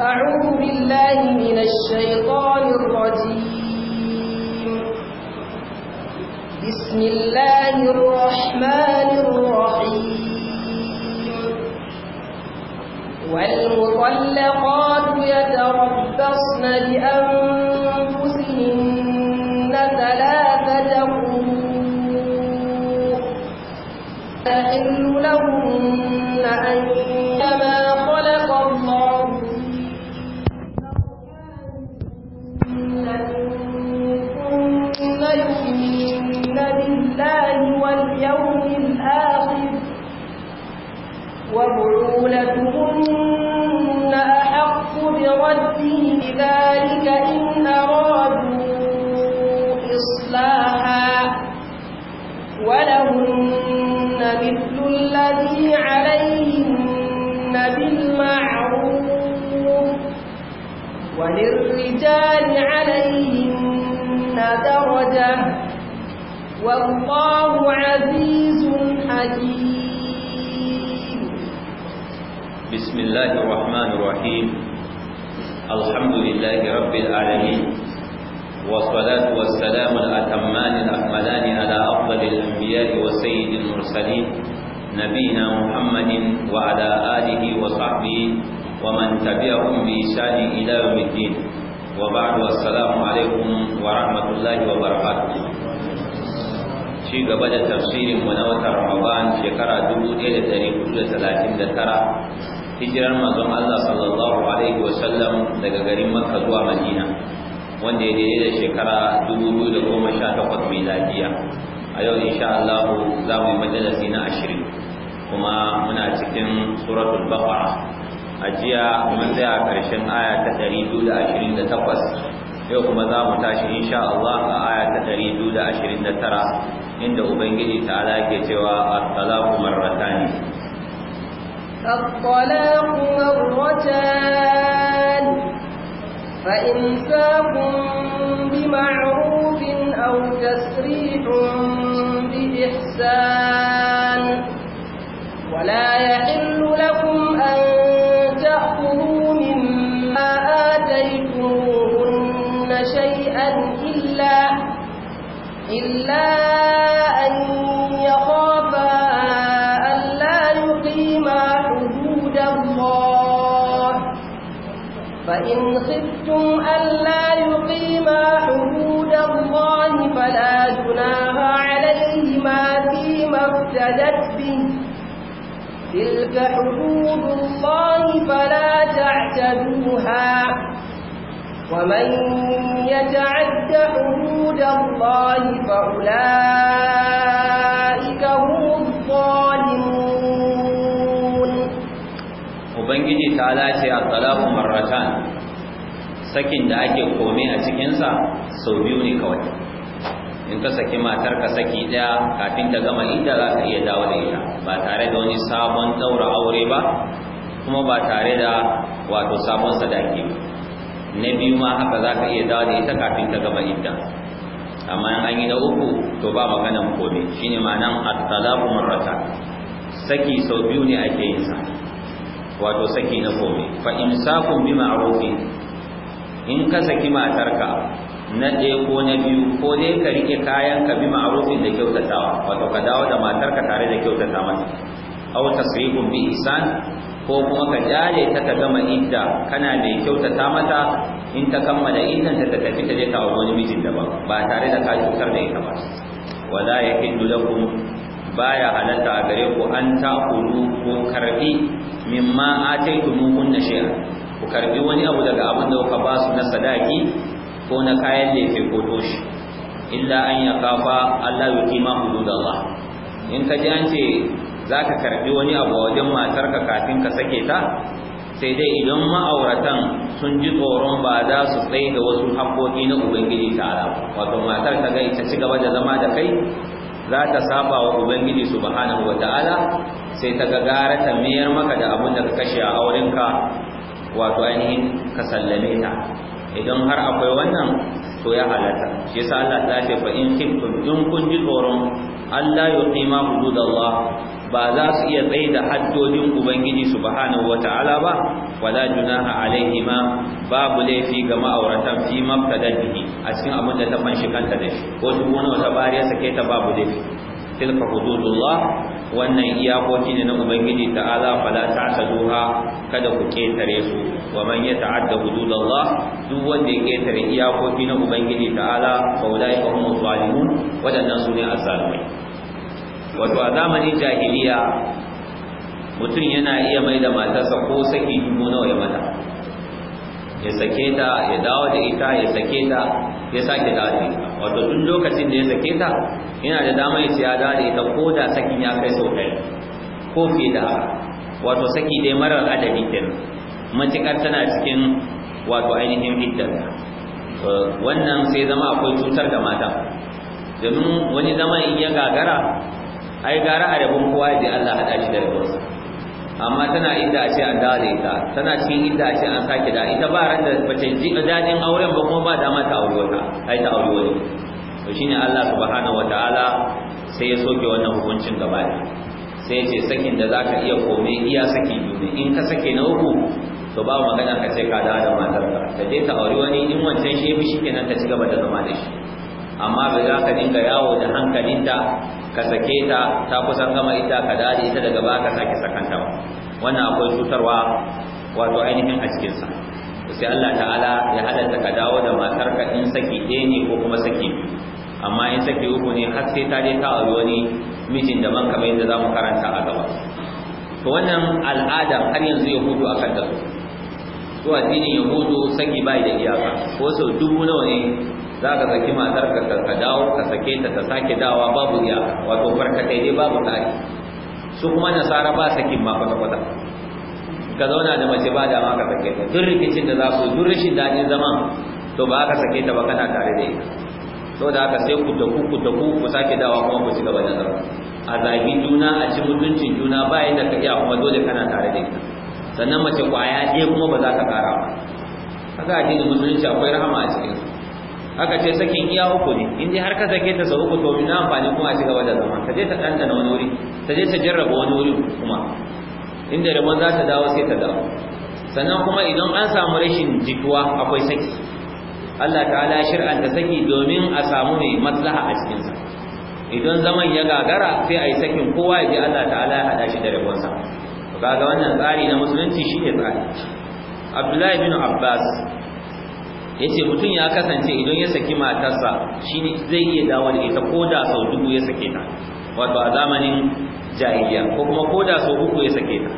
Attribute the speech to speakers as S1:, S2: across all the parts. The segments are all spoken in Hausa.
S1: أعوذ بالله من الشيطان الرجيم بسم الله الرحمن الرحيم والمطلقات يتربصن بأنفسهن ثلاثة قروء أحل لهن أن الرجال عليهن درجة والله عزيز حكيم
S2: بسم الله الرحمن الرحيم الحمد لله رب العالمين والصلاة والسلام الأتمان الأكملان على أفضل الأنبياء وسيد المرسلين نبينا محمد وعلى آله وصحبه ومن تبعهم بإحسان إلى يوم الدين وبعد والسلام عليكم ورحمة الله وبركاته ci gaba da tafsirin mu na watan Ramadan shekara 1439 hijirar manzon Allah sallallahu alaihi sallam daga garin Makka zuwa Madina wanda ya daidai da shekara 2018 miladiya a yau insha Allah za mu yi majalisi na 20 kuma muna cikin suratul baqara ajiya mun tsaya ƙarshen aya ta 228 yau kuma za mu tashi insha Allah a aya ta 229 inda ubangiji ta ala ke cewa at-talaqu marratan
S1: at-talaqu marratan fa imsakum bima'ruf aw tasrihun bi ihsan ولا يحل لكم إلا أن يخافا ألا يقيما حدود الله فإن خفتم ألا يقيما حدود الله فلا جناح عليهما فيما افتدت به تلك حدود الله فلا تعتدوها ومن يتعد حدود الله فأولئك هم الظالمون
S2: وبنجي ta lace a مرتان marratan sakin da ake kome a cikinsa sau biyu ne kawai in ka saki matar ka saki ɗaya kafin ta gama inda za ka iya dawo da ita ba tare da wani sabon daura aure ba kuma ba tare da wato sabon sadaki ba na biyu ma haka za ka iya dawo da ita kafin ta gaba idda amma an yi na uku to ba maganan kome shine ma'anan at-talaqu marrata saki sau biyu ne ake yin sa wato saki na kome fa imsakun bi ma'rufin in ka saki matarka na ɗaya ko na biyu ko dai ka rike kayan ka bi ma'rufin da kyautatawa wato ka dawo da matarka tare da kyautata mata aw tasrihun bi ihsan ko kuma ka jare ta ka gama idda kana mai ta mata in ta kammala iddan ta tafi ta je kawo wani mijin daban ba tare da ka cutar da ita ba wala ku lakum baya halatta a gare ku an kuru ko karbi mimma na shi'a ku karbi wani abu daga abin da kuka ba su na sadaki ko na kayan lefe ko toshi illa an kafa Allah ya yuqima hududallah in ka ji an ce za ka karbi wani abu wajen matarka kafin ka sake ta sai dai idan ma'auratan sun ji tsoron ba za su tsaye da wasu haƙoƙi na ubangiji ala. wato matar ta gai ta ci gaba da zama da kai za ta saba wa ubangiji subhanahu ta'ala sai ta gagara ta miyar maka da abin da ka kashe a aurenka wato ainihin ka sallame ta idan har akwai wannan to ya halatta shi yasa Allah ta ce fa in kuntum in kun ji tsoron Allah yuqima hududallah ba za su iya tsaye da haddodin ubangiji subhanahu wataala ba wala junaha alaihima babu laifi ga ma'auratan fi mabtada a cikin abin da ta fanshi kanta da shi ko duk wani wata bariya sake ta babu laifi tilka hududullah wannan iyakoki ne na ubangiji ta'ala fala ta'taduha kada ku ketare su wa man yata'adda hududallah duk wanda ya ketare iyakoki na ubangiji ta'ala fa ulai hum zalimun wadannan sune azzalimai wato a zamanin jahiliya mutum yana iya mai da matarsa ko saki dubu nawa ya mata ya sake ta ya dawo da ita ya sake ta ya sake da ita wato duk lokacin da ya sake ta yana da dama ya ce ya dawo da ita ko da sakin ya kai sau ɗaya ko fiye da haka wato saki dai marar adadi ɗin matuƙar tana cikin wato ainihin iddar wannan sai zama akwai cutar da mata domin wani zama in ya gagara ai gara a rabin kowa ya Allah hada shi da rabinsa amma tana inda a ce an dawo da ita tana cikin inda a ce an sake da ita ba ran da bace ji dadin auren ba kuma ba dama ta aure wata ai ta aure wani to shine Allah subhanahu wataala sai ya soke wannan hukuncin gaba da sai ya ce sakin da zaka iya kome iya saki biyu in ka sake na uku to ba magana ka ce ka dawo da matarka ta je ta aure wani in wancan shi ya fi kenan ta ci gaba da zama da shi amma bai za ka dinga yawo da hankalinta ka sake ta ta kusan gama ita ka dade ita daga baka sake sakanta ba wannan akwai cutarwa wato ainihin a sa sai Allah ta'ala ya halatta ka dawo da matarka in saki ɗaya ne ko kuma saki amma in saki uku ne har sai ta je ta auri wani mijin da man kamar yadda zamu karanta a gaba to wannan al'ada har yanzu yahudu akan da su to addinin yahudu saki bai da iyaka ko sau dubu nawa ne za ka saki matar ka ka dawo ka sake ta ta sake dawa babu ya wato barkatai dai babu tari su kuma nasara ba sakin ma kwata kwata ka zauna da mace ba dama ka sake ta duk rikicin da za ku duk rashin daɗin zama to ba ka sake ta ba kana tare da ita da haka sai ku da ku ku da ku ku sake dawa kuma ku ci gaba da zama a zagi juna a ci mutuncin juna ba yadda ka iya kuma dole kana tare da ita sannan mace kwaya ɗaya kuma ba za ka ƙara ba haka addinin musulunci akwai rahama a cikin aka ce sakin iya uku ne in dai har ka sake ta sau uku to mun amfani kuma a ci gaba da zama ta je ta danta na wani wuri ta je ta jarraba wani wuri kuma inda rabon za ta dawo sai ta dawo sannan kuma idan an samu rashin jituwa akwai saki Allah ta'ala shir'anta saki domin a samu mai maslaha a cikinsa idan zaman ya gagara sai a yi sakin kowa ya ji Allah ta'ala ya hada shi da rabonsa kaga wannan tsari na musulunci shine tsari Abdullahi bin Abbas yace mutum ya kasance idan ya saki matarsa shi zai iya dawo da ita ko da sau dubu ya sake ta wato a zamanin jahiliya ko kuma ko da sau uku ya sake ta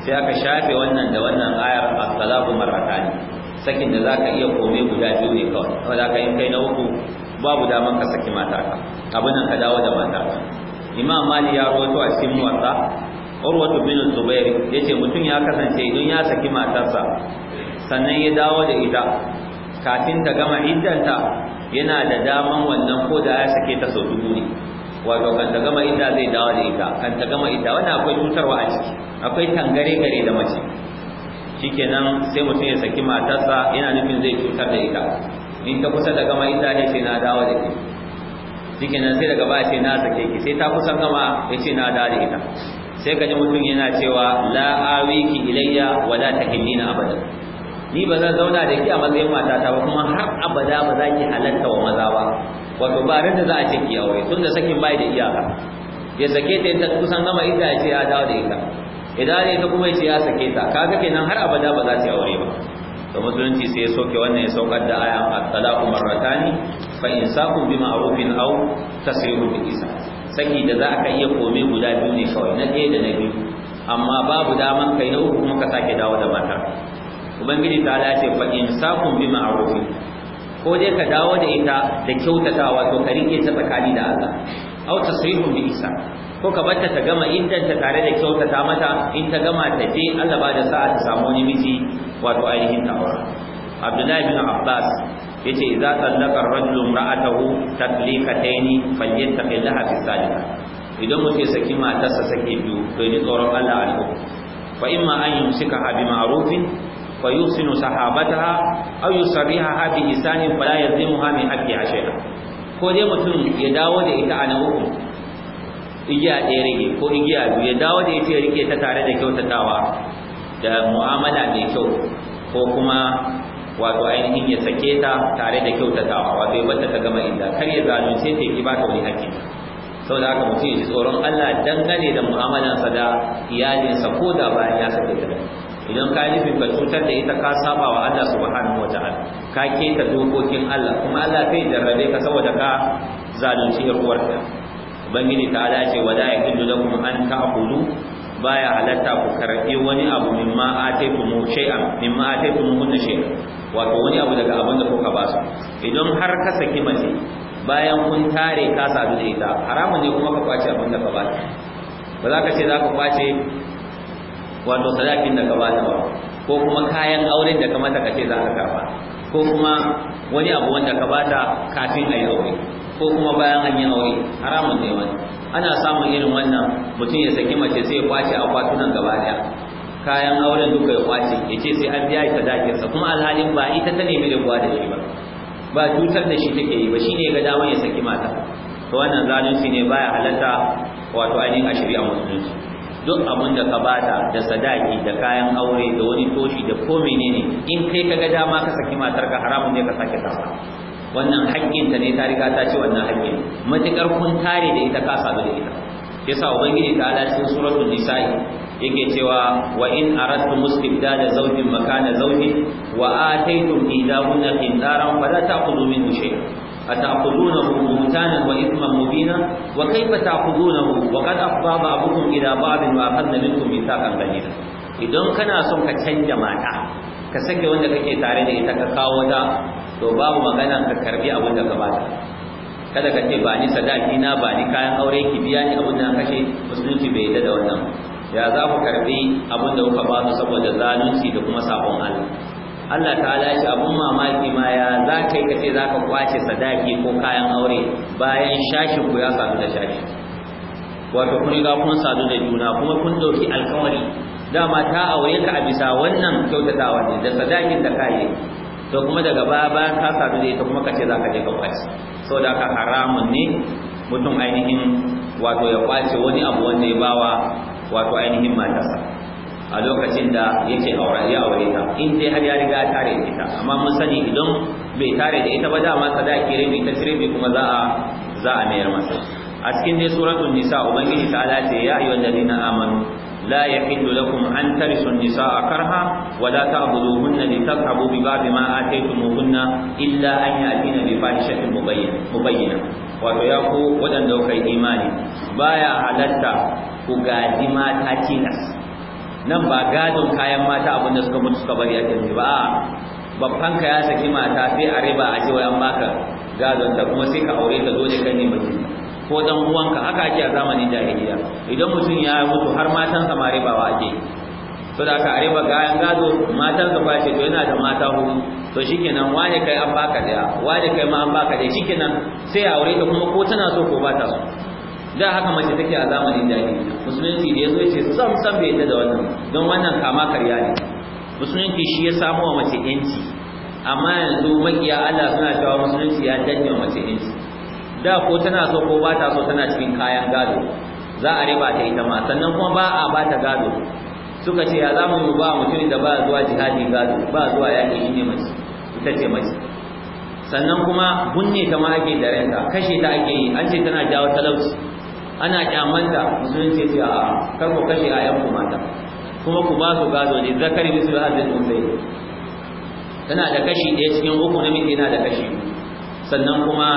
S2: sai aka shafe wannan da wannan ayar as-salatu marratani sakin da zaka iya kome guda biyu ne kawai wanda ka in kai na uku babu daman ka saki matarka abin nan ka dawo da matarka imam mali ya rawaito a cikin muwatta urwatu bin zubair yace mutum ya kasance idan ya saki matarsa sannan ya dawo da ita kafin ta gama iddanta yana da daman wannan ko da ya sake ta sau dubu ne wato kan ta gama idda zai dawo da ita kan ta gama idda wannan akwai cutarwa a ciki akwai tangare gare da mace shikenan sai mutum ya saki matarsa yana nufin zai cutar da ita in ta kusa da gama idda ne sai na dawo da ita shikenan sai daga baya sai na sake ki sai ta kusa gama ya ce na dawo da ita sai ka ji mutum yana cewa la awiki ilayya wala tahillina abadan ni ba zan zauna da ki a matsayin matata ba kuma har abada ba za ki halatta wa maza ba wato ba da za a ce ki aure da sakin bai da iyaka ya sake ta ta kusan gama ita ya ce ya dawo da ita idan ne ta kuma ya ce ya sake ta kaga kenan har abada ba za ta aure ba to musulunci sai ya soke wannan ya saukar da aya at-talaqu marratani fa insakum ma'rufin aw tasrihu bi isa saki da za ka iya kome guda biyu ne kawai na ɗaya da na biyu amma babu daman kai na uku kuma ka sake dawo da matar ubangiji ta ala ce fa insakum bi ma'ruf ko dai ka dawo da ita da kyautatawa to ka rike ta tsakani da Allah aw tasrihum bi isa ko ka batta ta gama ta tare da kyautata mata in ta gama ta je Allah ba da sa'a ta samu wato ainihin ta Abdullahi bin Abbas yace idza tallaqa ar-rajulu imra'atahu tatliqatayn falyattaqillaha fi salika idan mutum saki matarsa sake biyu to ni tsoron Allah a fa imma an yumsikaha bi ma'rufin فيحسن صحابتها أو يسريها بإحسان فلا يظلمها من حقها شيئا ko dai mutum ya dawo da ita a na uku igiya ɗaya rage ko igiya biyu ya dawo da ita ya rike ta tare da kyautatawa da mu'amala mai kyau ko kuma wato ainihin ya sake ta tare da kyautatawa wato ya bata ta gama inda kar ya sai ta ki ba ta wani hakki saboda haka mutum ya ji tsoron Allah dangane da mu'amalansa da iyalinsa ko da bayan ya sake ta idan ka nufin ka cutar da ita ka saba wa Allah subhanahu wataala ka keta dokokin Allah kuma Allah zai jarrabe ka saboda ka zalunci yar uwarka ubangiji ta ala ce wala dole lakum an ta'kulu baya halatta ku karɓi wani abu mimma ataykum shay'an mimma ataykum hunna shay'an wato wani abu daga abin da kuka ba su idan har ka saki mace bayan kun tare ka sadu da ita haramun ne kuma ka kwace abin da ka ba ba za ka ce za ka kwace wato sadakin da ka bata ba ko kuma kayan auren da kamata ka ce za ka karba ko kuma wani abu wanda ka bata kafin a yi aure ko kuma bayan an yi aure haramun ne wani ana samun irin wannan mutum ya saki mace sai ya kwace kwatunan gaba daya kayan auren duka ya kwace ya ce sai an biya sa kuma alhalin ba ita ta nemi rabuwa da shi ba ba cutar da shi take yi ba shine ga daman ya saki mata to wannan zalunci ne baya halatta wato ainihin a shari'a musulunci duk abin da ka bada da sadaki da kayan aure da wani toshi da ko menene in kai kaga dama ka saki matar ka haramun ne ka sake ta wannan haƙƙin ta ne ta riga ta ce wannan haƙƙin matukar kun tare da ita ka sabu da ita yasa ubangiji ta ala cikin suratul nisa'i yake cewa wa in aradtum da zawjin makana zawjin wa ataytum idahunna qintaran fala ta'khudhu minhu shay'an أتأخذونه بهتانا وإثما مبينا وكيف تأخذونه وقد أفضى بعضكم إلى بعض وأخذنا منكم ميثاقا غليظا idan kana son ka canja mata ka sake wanda kake tare da ita ka kawo da to babu magana ka karbi abin da ka bata kada ka ce ba ni sadaki na ba ni kayan aure ki biya ni abin da kashe musulunci bai yadda da wannan ya za ku karbi abun da kuka ba su saboda zalunci da kuma sabon Allah Allah ta'ala ya abun mamaki ma ya za ka yi kace za ka kwace sadaki ko kayan aure bayan shashin ku ya sadu da shashi wato kun ga kun sadu da juna kuma kun dauki alkawari dama ta aure ka a bisa wannan kyautatawa ne da sadakin da kayi to kuma daga baya bayan ka sadu da ita kuma kace za ka je ka kwace saboda ka haramun ne mutum ainihin wato ya kwace wani abu wanda ya bawa wato ainihin matarsa a lokacin da yake aure ya aure ta in dai har ya riga tare da ita amma mun sani idan bai tare da ita ba dama sadaki rabi ta rabi kuma za a za a mayar masa a cikin dai suratul nisa ubangiji ta ala ce ya ayyuhal ladina amanu la yahillu lakum an tarisu a karha wa la ta'buduhunna litarhabu bi ba'di ma ataytumuhunna illa an ya'tina bi fahishatin mubayyana wato ya ku wadanda kai imani baya halatta ku gadi mata tilas nan ba gadon kayan mata abin da suka mutu suka bari a kirki ba babban ka ya saki mata sai a riba a ce wayan baka gadon ta kuma sai ka aure ta zo ne kan ne mutum ko dan uwanka haka ake a zamanin jahiliya idan mutum ya mutu har matan sa ma ribawa ake to da ka riba gayan gado matan ka ba ce to yana da mata hudu to shikenan wane kai an baka daya wane kai ma an baka daya shikenan sai aure ta kuma ko tana so ko ba ta so da haka mace take a zamanin jahiliya musulunci da yazo yace sam sam bai yadda da wannan don wannan kama karya ne musulunci shi ya samo wa mace yanci amma yanzu makiya Allah suna cewa musulunci ya danne mace yanci da ko tana so ko ba ta so tana cikin kayan gado za a riba ta ita ma sannan kuma ba a ba ta gado suka ce ya zamu mu ba mutum da ba zuwa jihadi gado ba zuwa yaƙi ne mace ita ce mace sannan kuma bunne ta ma ake da ranta kashe ta ake yi an ce tana jawo talauci ana da musulunci ce a kar ku kashe ayan ku mata kuma ku ba su gado ne zakari bisu da hadin unsai tana da kashi ɗaya cikin uku na namiji yana da kashi sannan kuma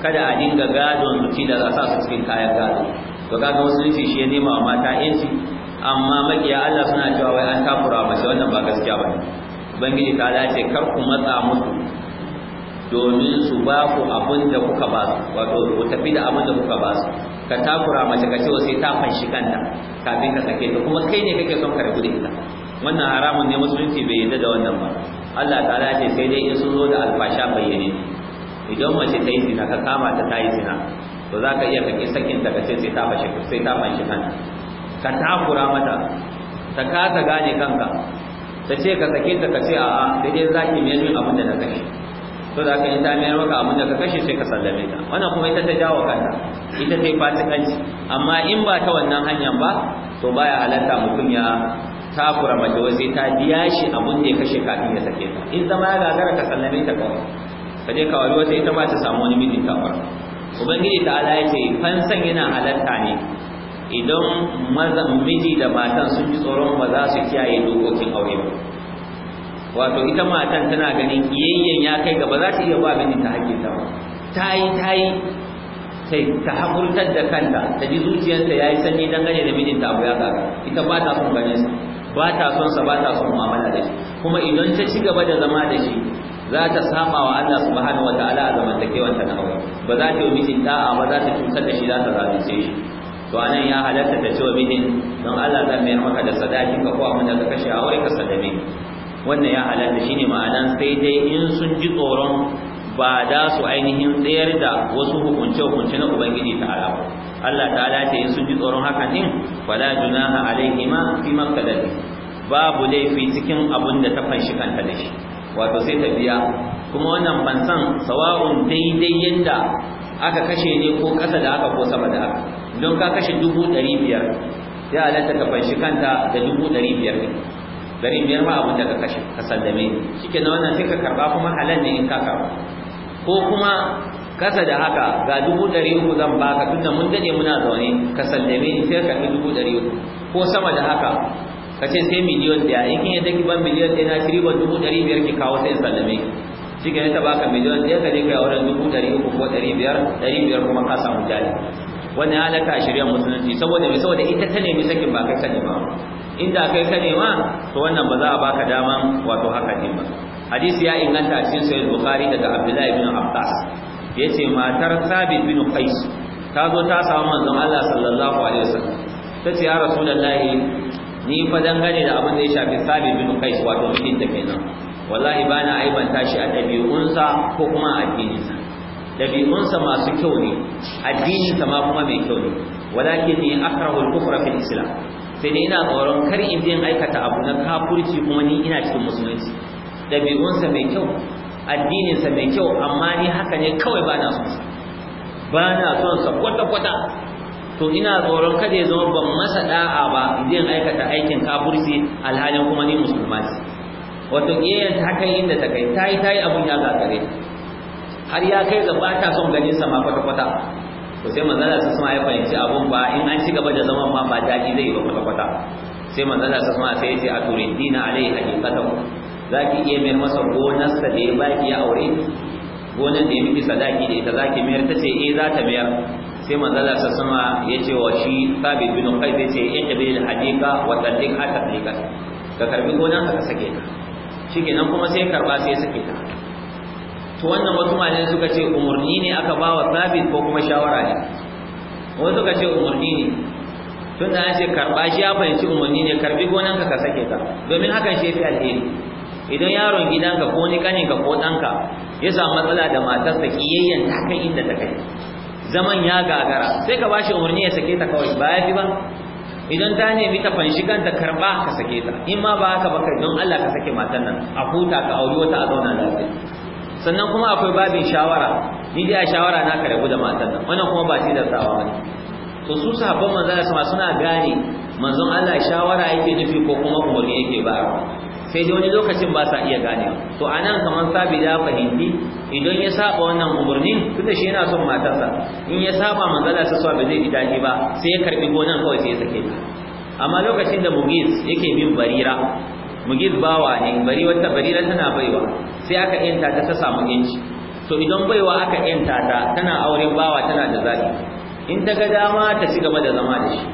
S2: kada a dinga gadon mutum da za su cikin kayan gado to kaga musulunci shi ya nema wa mata yanci amma makiya Allah suna cewa wai an takura mace wannan ba gaskiya ba ubangiji ta dace kar ku matsa musu domin su ba ku abin da kuka ba su wato ku tafi da abin da kuka ba su ka takura mace ka ce sai ta fanshi kanta kafin ka sake ta kuma kai ne kake son ka rabu da ita wannan haramun ne musulunci bai yadda da wannan ba Allah ta'ala ce sai dai in sun zo da alfasha bayyane idan mace ta yi zina ka kama ta ta yi zina to za ka iya kake sakin ta ka ce sai ta fashe sai ta fanshi kanta ka takura mata ta kasa gane kanka ta ce ka sake ta ka ce a'a sai dai zaki mai min abin da na sake so da aka yi ta mayar abin da ka kashe sai ka sallame ta wannan kuma ita ta jawo kanta ita ta yi fasikanci amma in ba ta wannan hanyar ba to baya halatta mutum ya takura mace wasu ta biya shi abin da ya kashe kafin ya sake ta in zama ya gagara ka sallame ta kawai ka je kawai wata ita ba ta samu wani mijin kawar ubangiji ta ala ya ce fansan yana halatta ne idan miji da matan sun ji tsoron ba za su kiyaye dokokin aure ba wato ita matan tana ganin kiyayyen ya kai gaba za ta iya ba mini ta hake ta ba ta yi ta yi sai ta hakurtar da kanta ta ji zuciyarta yayi sanyi gane da mijinta abu ya kaga ita ba ta son ganin ba ta son sa ba ta son mu'amala da shi kuma idan ta ci gaba da zama da shi za ta sama wa Allah subhanahu wataala a zamantakewar ta na aure ba za ta yi mijin da'a ba za ta cutar da shi za ta zalunce shi to anan ya halatta ta ci wa mijin don Allah zai mai maka da sadaki ka ko abin da ka kashe aure ka sadame wannan ya halatta shine ma'anan sai dai in sun ji tsoron ba da su ainihin tsayar da wasu hukunce hukunce na ubangiji ta ala Allah ta ala ce in sun ji tsoron haka din fala junaha ma fi makkadati babu laifi cikin abun da ta fanshi kanta da shi wato sai ta biya kuma wannan fansan sawa'un daidai yanda aka kashe ne ko ƙasa da aka ko sama da aka don ka kashe dubu ɗari biyar ya halatta ka fanshi kanta da dubu ɗari biyar bari biyar ma abin daga ka kashe ka sallame shike na wannan sai ka karba kuma halal ne in ka karba ko kuma kasa da haka ga dubu dari uku zan baka tunda mun dade muna zaune ka sallame ni sai ka dubu dari uku ko sama da haka ka ce sai miliyon ɗaya in kin yadda ki ban miliyon ɗaya na shiri ba dubu dari biyar ki kawo sai in sallame shi ke ta baka miliyon ɗaya ka je ka yi dubu dari uku ko dari biyar dari biyar kuma ka samu jari wannan ya halaka a shirya musulunci saboda mai saboda ita ta nemi sakin ba kai sani ba inda kai ka nema to wannan ba za a baka dama wato haka din ba hadisi ya inganta a cikin sahih bukhari daga abdullahi ibn abbas yace matar sabit bin qais ta zo ta samu manzon Allah sallallahu alaihi wasallam tace ya rasulullahi ni fa dangane da abin da ya shafi sabit bin qais wato mijin da kenan wallahi bana aibanta shi a dabi'unsa ko kuma a addininsa dabi'unsa masu kyau ne addininsa ma kuma mai kyau ne walakin ni akrahu al-kufra fil islam sai dai ina tsoron kar in je aikata abu na kafurci kuma ni ina cikin musulunci ɗabi'unsa mai kyau addininsa mai kyau amma ni haka ne kawai ba na so ba na son sa kwata-kwata to ina tsoron kada ya zama ban masa da'a ba in aikata aikin kafurci alhalin kuma ni musulma ce wato ta hakan inda ta kai tayi tayi abun ya zagare har ya kai ga bata son ganin sa ma kwata-kwata to sai manzala sa sama ya fahimci abun ba in an ci gaba da zaman ma ba daɗi zai ba kwata kwata sai manzala sa sama sai ya ce a turidina alai hakikatan za ki iya mai masa gonarsa da ya baki ya aure gonar da ya miki sadaki da ita za ki mayar ta ce eh za ta mayar sai manzala sa sama ya ce wa shi sabi bin qais sai ce iqbil hadika wa tadliq hatta tadliqa ka karbi gonar ka sake ta shikenan kuma sai karba sai sake ta to wannan wasu malamai suka ce umarni ne aka ba wa sabit ko kuma shawara ne wasu suka ce umarni ne tun da ce karɓa shi ya fahimci umarni ne karɓi gonanka ka sake ta domin hakan shi fi alheri idan yaron gidanka ko ni ka ko ɗanka ya samu matsala da matarsa kiyayyen ta kai inda ta kai zaman ya gagara sai ka bashi umarni ya sake ta kawai ba ya fi ba idan ta nemi ta fanshi kanta karba ka sake ta in ma ba haka ba kai don Allah ka sake matar nan a huta ka auri wata a zauna lafiya sannan kuma akwai babin shawara ni dai a shawara na ka da matan nan wannan kuma ba tsawa bane to su sahabban manzon Allah sama suna gane manzon Allah shawara yake nufi ko kuma umarni yake ba sai dai wani lokacin ba sa iya gane, to anan kamar sabi da fahimti idan ya saba wannan umarnin tunda shi yana son matarsa in ya saba manzon Allah sai ba zai ji ba sai ya karbi gonan kawai sai ya sake amma lokacin da mugis yake bin Barira mugiz bawa ne bari wata barira tana baiwa sai aka yanta ta ta samu yanci to idan baiwa aka yanta ta tana auren bawa tana da zaɓi in ta ga dama ta ci gaba da zama da shi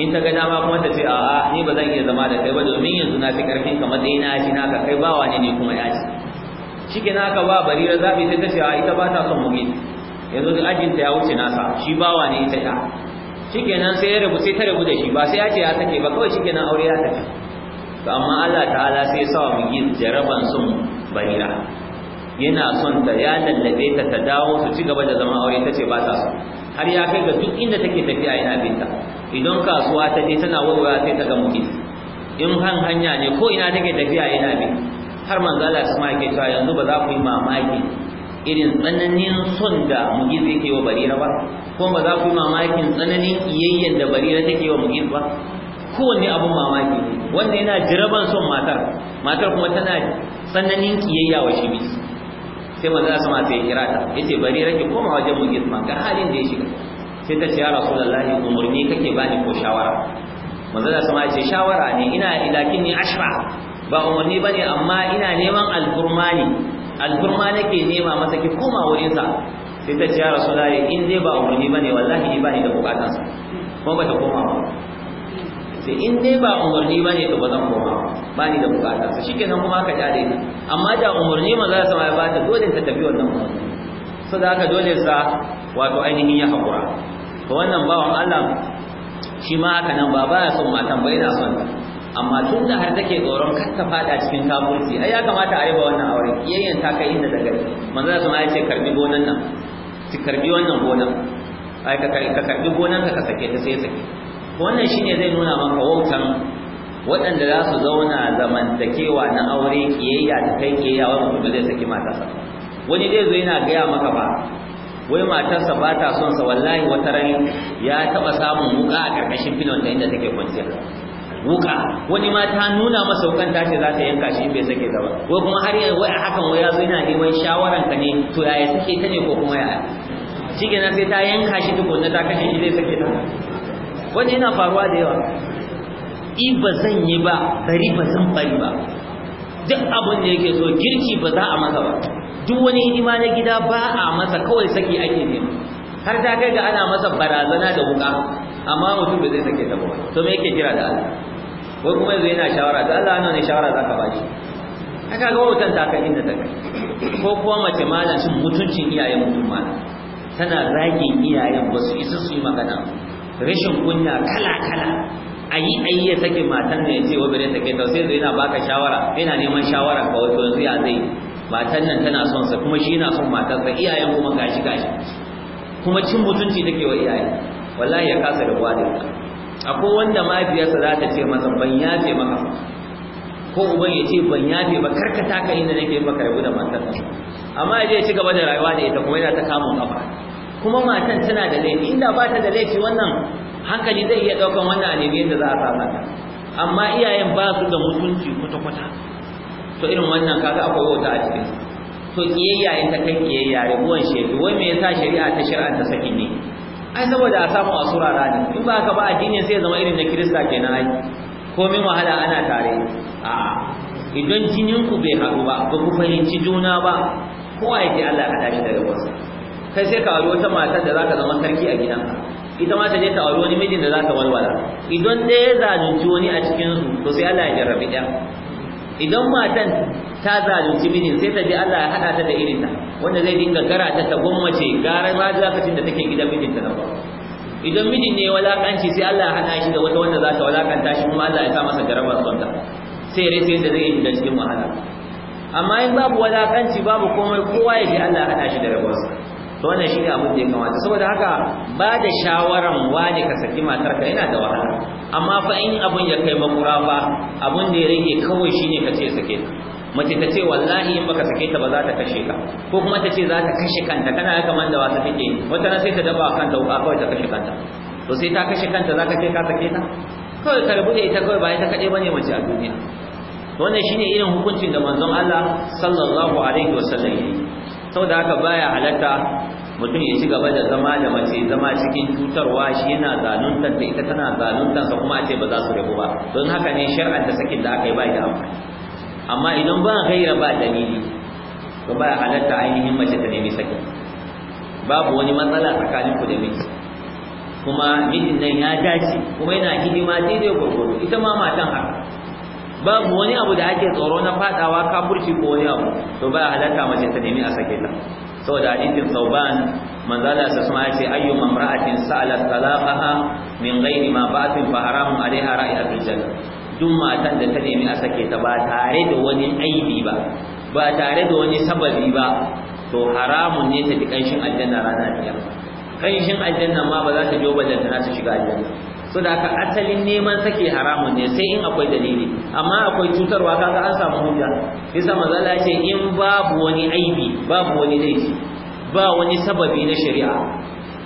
S2: in ta ga dama kuma ta ce a'a ni ba zan iya zama da kai ba domin yanzu na fi karfin ka matsayi na shi naka kai bawa ne ne kuma yaci shike naka ba barira zabi sai ta ce a ita ba ta son mu'min yanzu da ajin ta ya wuce nasa shi bawa ne ita ta shikenan sai ya rabu sai ta rabu da shi ba sai ya ce ya sake ba kawai shikenan aure ya tafi to amma Allah ta'ala sai sa mu yi jaraban sun barira yana son ta ya lallabe ta ta dawo su ci gaba da zama aure tace ba ta so har ya kai ga duk inda take tafiya yana binta idan kasuwa ta je tana wurwa sai ta ga mutum in han hanya ne ko ina take tafiya ina bi har manzo Allah su ma yake cewa yanzu ba za ku yi mamaki irin tsananin son da mugiz yake wa barira ba ko ba za ku yi mamakin tsananin iyayyen da barira take wa mugiz ba kowanne abin mamaki wanda yana jiraban son matar matar kuma tana tsananin kiyayya wa shi bisu sai manzo sama sai ya kira ta yace bari rake koma wajen mu gizma ga halin da ya shiga sai ta ce ya rasulullahi umurni kake bani ko shawara manzo sama ya ce shawara ne ina ilakin ni ashfa ba umarni bane amma ina neman alqurmani alqurma nake nema masa ki koma wurin sa sai ta ce ya rasulullahi in dai ba umarni bane wallahi ni bani da bukatansa kuma bata koma ba sai in dai ba umarni ba ne to ba zan koma ba ni da bukata su shi kenan kuma aka kyale ni amma da umarni maza sama ya bata dole ta tafi wannan umarni so da haka dole sa wato ainihin ya hakura to wannan bawan Allah shi ma haka nan ba baya son matan bai na son ta amma tun da har take tsoron kar ta fada cikin kafirci ai ya kamata a riba wannan aure, kiyayyen ta kai inda daga manzo sama ya ce karbi gonan nan ki karbi wannan gonan ai ka karbi gonan ka ka sake ta sai sake wannan ne zai nuna maka wautan waɗanda za su zauna zamantakewa na aure kiyayya ta kai kiyayya wani kuma zai saki matarsa wani zai zo yana gaya maka ba wai matarsa ba ta son sa wallahi wata ran ya taɓa samun wuka a ƙarƙashin filon da inda take kwanciya wuka wani ma ta nuna masa wukan ta ce za ta yanka shi bai sake ta ba wai kuma har yanzu wai a hakan wai ya zo yana neman shawaran ka ne to yaya sake ta ne ko kuma yaya shi kenan sai ta yanka shi tukunna ta kashe shi zai sake ta wani yana faruwa da yawa i ba zan yi ba bari ba zan bari ba duk abin da yake so girki ba za a masa ba duk wani hidima na gida ba a masa kawai saki ake nema har ta kai ga ana masa barazana da wuka amma mutum ba zai sake ta ba to me yake kira da Allah wai kuma yanzu yana shawara da Allah ne shawara zaka ba shi aka ga wutan ta kai inda ta kai ko kuma mace malam shin mutuncin iyayen mutum malam tana zagin iyayen ba su isa su yi magana rashin kunya kala kala ayi ayi ya sake matan ne ya ce ta ke ta sai yana baka shawara yana neman shawara ga wato yanzu ya zai matan nan tana son sa kuma shi yana son sa iyayen kuma gashi gashi kuma cin mutunci take wa iyaye wallahi ya kasa da gwadin akwai wanda mahaifiyarsa za ta ce masa ban yafe maka ko uban ya ce ban yafe ba karkata ka inda nake maka rabu da matan amma ya je ci gaba da rayuwa da ita kuma yana ta kamun kafa kuma matan tana da laifi inda ba ta da laifi wannan hankali zai iya daukan wannan annabi da za a saba amma iyayen ba su da mutunci kwata kwata to irin wannan kaga akwai wata a cikin to kiyayya ita ta kai kiyayya rabuwan shedu wai me yasa shari'a ta shari'a ta saki ne ai saboda a samu a surara ne in ba ka ba addinin sai zama irin na kirista kenan ai komin wahala ana tare a idan jinin ku bai haɗu ba ba ku fahimci juna ba Ko kowa yake Allah ya hada shi da rabuwarsa kai sai ka aure wata mata da zaka zama sarki a gidanka ita ma ta je ta aure wani mijin da zaka walwala idan ɗaya ya zalunci wani a cikin su to sai Allah ya jarrabi ɗaya idan matan ta zalunci mijin sai ta je Allah ya hada ta da irinta wanda zai dinga gara ta ta gwammace gara ma lokacin da take gidan mijinta na ba idan mijin ne walakanci sai Allah ya hada shi da wata wanda za ta walakanta shi kuma Allah ya sa masa jarabar sonta sai rai sai da zai yi da cikin wahala amma in babu walakanci babu komai kowa ya ji Allah ya hada shi da rabuwarsa to wannan shine abin da ya kamata saboda haka ba da shawaran wani ka saki matar ka yana da wahala amma fa in abin ya kai makura ba abin da ya rage kawai shine ka ce sake ta mace ta ce wallahi in baka sake ta ba za ta kashe ka ko kuma ta ce za ta kashe kanta kana ya kamar da wasa take wata na sai ta daba kanta wuka kawai ta kashe kanta to sai ta kashe kanta za ka ce ka sake ta kawai ka rubuta ita kawai ba ita kaɗai bane mace a duniya wannan shine irin hukuncin da manzon Allah sallallahu alaihi wasallam yayi saboda haka baya halatta mutum ya ci gaba da zama da mace zama cikin cutarwa shi yana zaluntar da ita tana zaluntar sa kuma a ce ba za su rabu ba don haka ne shar'ar da sakin da aka yi ba da amfani amma idan ba gaira ba dalili to baya halatta ainihin mace ta nemi sakin babu wani matsala tsakanin ku da miji kuma mijin nan ya dace kuma yana hidima daidai gwargwaro ita ma matan haka babu wani abu da ake tsoro na fadawa kafirci ko wani abu to ba halatta mace ta nemi a sake ta saboda hadithin sauban Allah sai kuma yace ayyu mamra'atin sa'alat talaqaha min ghairi ma ba'atin fa haramun alaiha ra'yat aljanna duk matan da ta nemi a sake ta ba tare da wani aibi ba ba tare da wani sababi ba to haramun ne ta dikan shin aljanna ranar biyar shin aljanna ma ba za ta jo ba da ta shiga aljanna so da asalin neman sake haramun ne sai in akwai dalili amma akwai cutarwa kaga an samu hujja bisa manzala ce in babu wani aibi babu wani laifi ba wani sababi na shari'a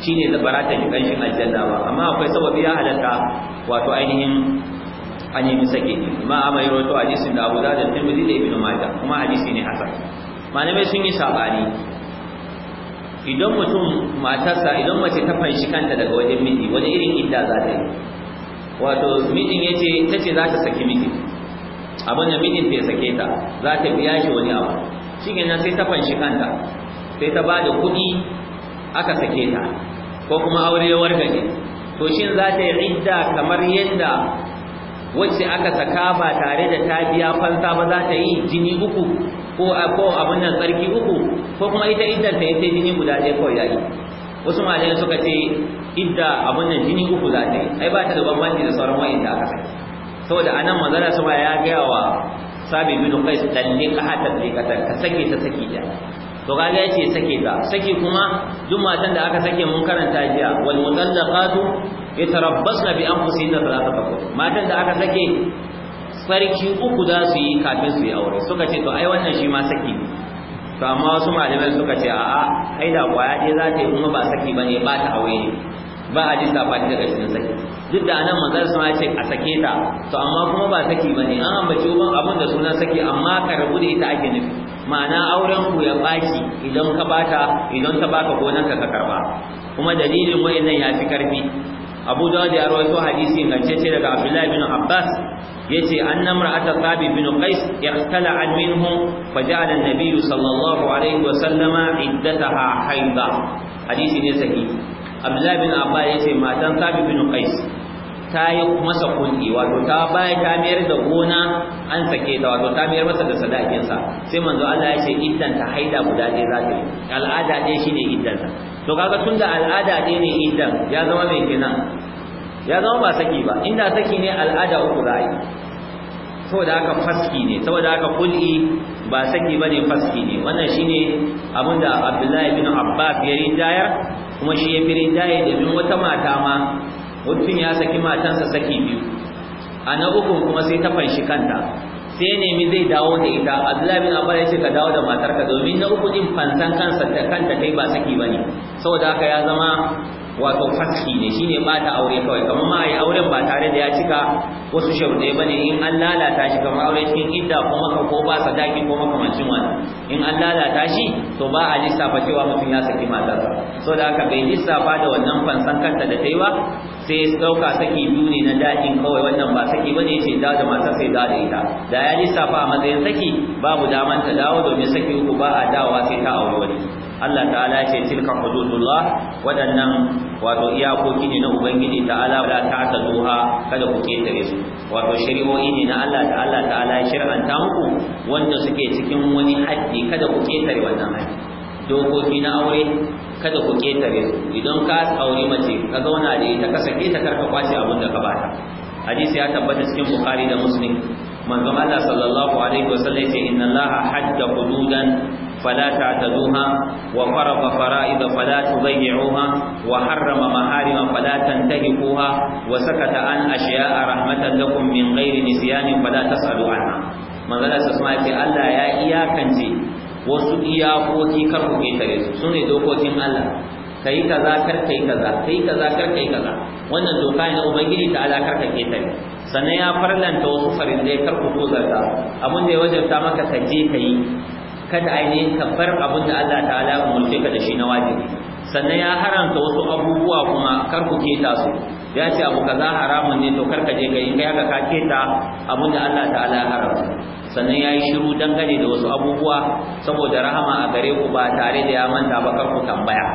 S2: shine da barata ki kanshin aljanna ba amma akwai sababi ya halatta wato ainihin an yi sake. amma amma yaro to hadisin da Abu Dawud da Tirmidhi da Ibn Majah kuma hadisi ne hasan malamai sun yi sabani idan mutum matarsa idan mace ta fanshi kanta daga wajen miji wani irin idda za ta yi wato mijin ya ce ta ce za ta saki miji abin da mijin ta sake ta za ta biya shi wani abu shi kenan sai ta fanshi kanta sai ta ba da kuɗi aka sake ta ko kuma aure ya to shin za ta yi idda kamar yadda wacce aka saka ba tare da ta biya fansa ba za ta yi jini uku ko ko abin nan tsarki uku ko kuma ita iddar ta yace jini guda ɗaya kawai yayi wasu malamai suka ce idda abin nan jini uku za ta yi ai ba ta da bambanci da sauran wa'inda aka sani saboda anan manzara sama ya gaya wa sabi bin qais tallika hatta tallika ka sake ta saki da to kaga yace sake ta saki kuma duk matan da aka sake mun karanta jiya wal mutallaqatu yatarabbasna bi anfusihinna thalathata matan da aka sake sarki uku za su yi kafin su yi aure suka ce to ai wannan shi ma saki to amma wasu malamai suka ce a'a ai da kwaya ɗaya za ta yi kuma ba saki ba ne ba ta aure ne ba a ji safa daga cikin saki duk da anan manzon sun ce a sake ta to amma kuma ba saki ba an ambaci uban abin da sunan saki amma karbu da ita ake nufi ma'ana auren ku ya baki idan ka bata idan ta baka gonan ka ka karba kuma dalilin wayannan ya fi karfi abu dawud ya rawaito hadisi ingantacce daga abdullahi bin abbas yace anna mar'ata thabi bin qais ikhtala an minhu fa ja'ala an-nabiy sallallahu alaihi wa sallama iddataha haida hadisi ne sahi abdullahi bin abbas yace matan thabi bin qais ta yi masa kundi wato ta baya ta mayar da gona an sake ta wato ta mayar masa da sadakinsa sai manzo Allah ya ce iddan ta haida guda ɗaya za ta yi al'ada ɗaya shine iddan to kaga tunda al'ada ne ne idan ya zama mai kina ya zama ba saki ba inda saki ne al'ada uku rai saboda haka faski ne saboda haka kul'i ba saki bane faski ne wannan shine abinda Abdullahi bin Abbas ya daya, kuma shi ya rinjaye domin wata mata ma mutum ya saki matansa saki biyu a na ukun kuma sai ta fanshi kanta sai ya nemi zai dawo da ita abdullahi bin abbas ya ce ka dawo da matarka domin na uku din fansan kanta kai ba saki bane saboda haka ya zama wato fashi ne shine bata aure kawai kamar ma ai auren ba tare da ya cika wasu ba ne in an lalata shi kamar aure cikin idda ko maka ko ba sadaki ko makamancin wani in an lalata shi to ba a lissafa cewa mutum ya saki matar. so da haka bai lissafa da wannan fansan kanta da taiwa sai ya dauka saki biyu ne na daɗin kawai wannan ba saki ba ne ce da da matar sai da da ita da ya lissafa a matsayin saki babu damar ta dawo domin saki uku ba a dawowa sai ta aure wani Allah ta'ala ce tilka hududullah wadannan wato iyakoki ne na ubangiji ta'ala da ta ta zuha kada ku ketare su wato shari'o'i ne na Allah da Allah ta'ala shir'anta muku wanda suke cikin wani haddi kada ku ketare wannan haddi dokoki na aure kada ku ketare su idan ka aure mace ka zauna da ita ka sake ta karka kwace abin da ka bata hadisi ya tabbata cikin bukhari da muslim manzon Allah sallallahu alaihi wasallam ya ce inna Allah hadda hududan فلا تعتدوها وفرض فرائض فلا تضيعوها وحرم محارم فلا تنتهكوها وسكت عن أشياء رحمة لكم من غير نسيان فلا تسألوا عنها manzala sa suna ce Allah ya iyakance wasu iyakoki kar ku ketare su su ne dokokin Allah ka yi kaza kar ka yi kaza ka yi kaza kar ka yi kaza wannan doka ne ubangiji ta ala kar ka ketare sannan ya farlanta wasu farin farillai kar ku tozarta abin da ya wajen ta maka ka je ka yi. kada ainihin kafar bar abin Allah ta'ala ya umurce ka da shi na wajibi sannan ya haramta wasu abubuwa kuma kar ku keta su ya ce abu kaza haramun ne to kar ka je kai kai haka ka keta abin da Allah ta'ala ya haramta sannan ya yi shiru dangane da wasu abubuwa saboda rahama a gare ku ba tare da ya manta ba kar ku tambaya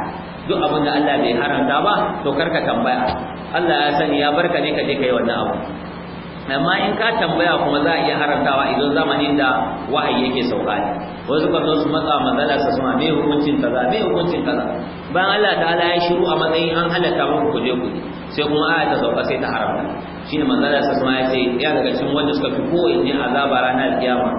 S2: duk abin da Allah bai haramta ba to kar ka tambaya Allah ya sani ya barka ne ka je kai wannan abu amma in ka tambaya kuma za a iya harantawa idan zamanin da wahayi yake sauka ne wasu ka zo su matsa mazala su suma hukuncin kaza mai hukuncin kaza bayan Allah ta'ala ya shiru a matsayin an halatta muku kuje kuje sai kuma aya ta sauka sai ta haramta ne manzala sa sama ya ce ya daga cikin wanda suka fi ko in azaba ranar alkiyama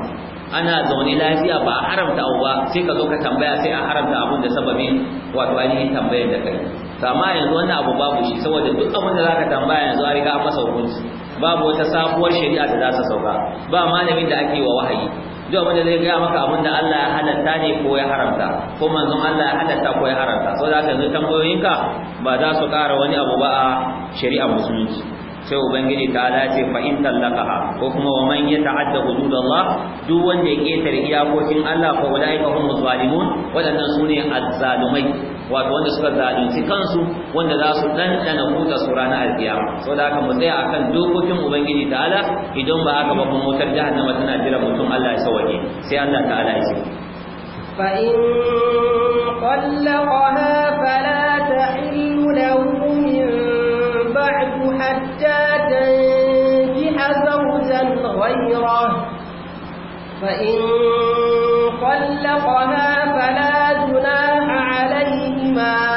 S2: ana zaune lafiya ba a haramta abu ba sai ka zo ka tambaya sai a haramta abun da sababin wato ainihin tambayar da kai amma yanzu wannan abu babu shi saboda duk abin da zaka tambaya yanzu a riga a masa hukunci babu wata sabuwar shari'a da za ta sauka ba malamin da ake wa wahayi duk wanda zai gaya maka abin da Allah ya halatta ne ko ya haramta ko manzon Allah ya halatta ko ya haramta so da haka yanzu tambayoyinka ba za su ƙara wani abu ba a shari'ar musulunci sai ubangiji ta dace fa in tallaqaha ko kuma wa man yata'adda hududallah duk wanda ya ketare iyakokin Allah fa ulaika humus zalimun wadannan sune azzalumai wato wanda suka zalunci kansu wanda za su dandana huta su ranar alkiyama so da haka mu tsaya akan dokokin ubangiji ta'ala idan ba aka ba kuma wutar jahannama tana jira mutum Allah ya sauke sai Allah ta'ala ya ce
S1: fa in qallaqaha fala tahillu lahu min hatta فإن طلقها فلا جناح عليهما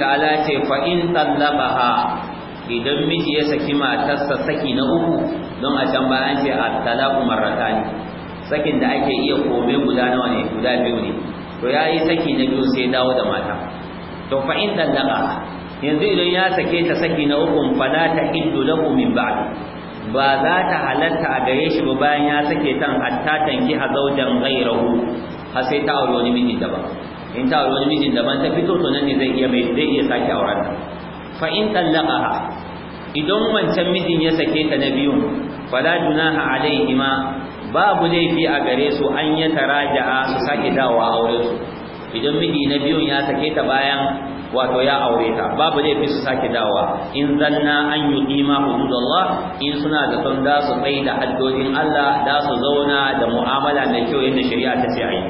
S2: ta'ala ce fa in tallaqaha idan miji ya saki matarsa saki na uku don a can bayan ce a talaqu marratan sakin da ake iya kome guda nawa ne guda biyu ne to yayi saki na biyu sai dawo da mata to fa in tallaqa yanzu idan ya sake ta saki na uku la ta iddu lahu min ba'd ba za ta halatta a gare shi ba bayan ya sake tan hatta tanki a zaujan ghairahu har sai ta aure wani miji daban in ta aure wani mijin daban ta fito to nan ne zai iya mai zai iya sake auren ta fa in tallaqaha idan wancan mijin ya sake ta na biyun fala junaha alaihima babu laifi a gare su an yi taraja'a su sake dawowa aure su idan miji na biyun ya sake ta bayan wato ya aure ta babu laifi su sake dawowa in zanna an yuqima hududallah in suna da son da su tsayi da haddodin Allah da su zauna da mu'amala mai kyau yadda shari'a ta ce ai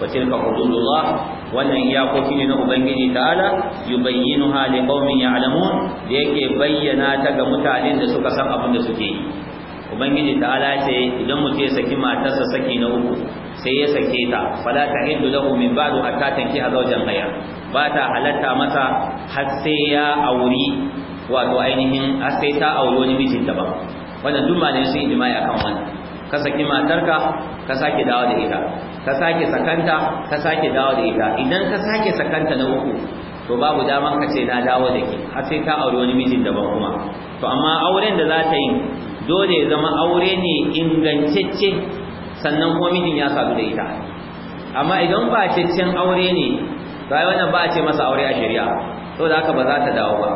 S2: wa tilka hududullah wannan iyakoki ne na ubangiji ta'ala yubayyinuha liqaumin ya'lamun da yake bayyana ta ga mutanen da suka san abin da suke yi ubangiji ta'ala ce idan mutum ya saki matarsa saki na uku sai ya sake ta fala tahillu lahu min ba'du hatta tanki azwajan haya? ba ta halatta masa har sai ya auri wato ainihin har sai ta auri wani mijin daban wannan duk malamin sun ijma'i akan wannan ka saki matarka ka sake dawo da ita ka sake sakanta ka sake dawo da ita idan ka sake sakanta na uku to babu daman ka ce na dawo da ke har sai ka aure wani mijin daban kuma to amma auren da za ta yi dole ya zama aure ne ingantacce sannan kuma mijin ya sadu da ita amma idan ba cecen aure ne to ai wannan ba a ce masa aure a shari'a saboda da haka ba za ta dawo ba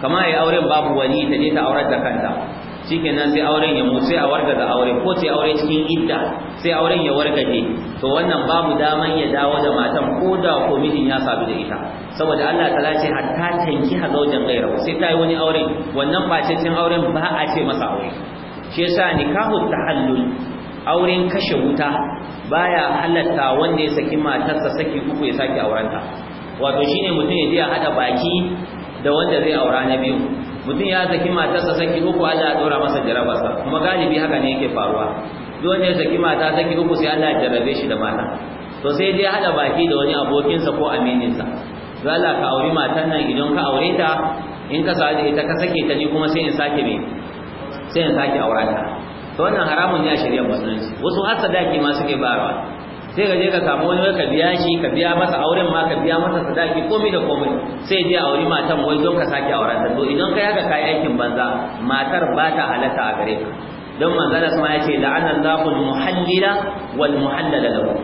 S2: kama ya auren babu wani ta je ta aurar da kanta shikenan sai auren ya mutu sai a da aure ko sai aure cikin idda sai auren ya ne to wannan babu daman ya dawo da matan ko da komitin ya sabu da ita saboda Allah ta lace hatta tanki ha zaujan gairahu sai ta yi wani auren wannan bacecin auren ba a ce masa aure shi yasa nikahu tahallul auren kashe wuta baya halatta wanda ya saki matarsa saki uku ya saki aurenta wato shine mutum ya je ya hada baki da wanda zai aura na biyu mutum ya saki matarsa saki uku Allah ya dora masa jarabarsa kuma galibi haka ne yake faruwa duk wanda ya saki mata saki uku sai Allah ya jarabe shi da mata to sai dai hada baki da wani abokinsa ko amininsa za Allah ka auri matan nan idan ka aure ta in ka sa ita ka sake ta ni kuma sai in sake me sai in sake aurata to wannan haramun ya a musulunci wasu har sadaki ma suke barawa sai ka je ka samu wani ka biya shi ka biya masa auren ma ka biya masa sadaki komai da komai sai je auri matan wai don ka sake auren ta to idan kai haka kai aikin banza matar ba ta halatta a gare ka don manzala sama ya ce la'anan zafin muhallila wal muhallala lahu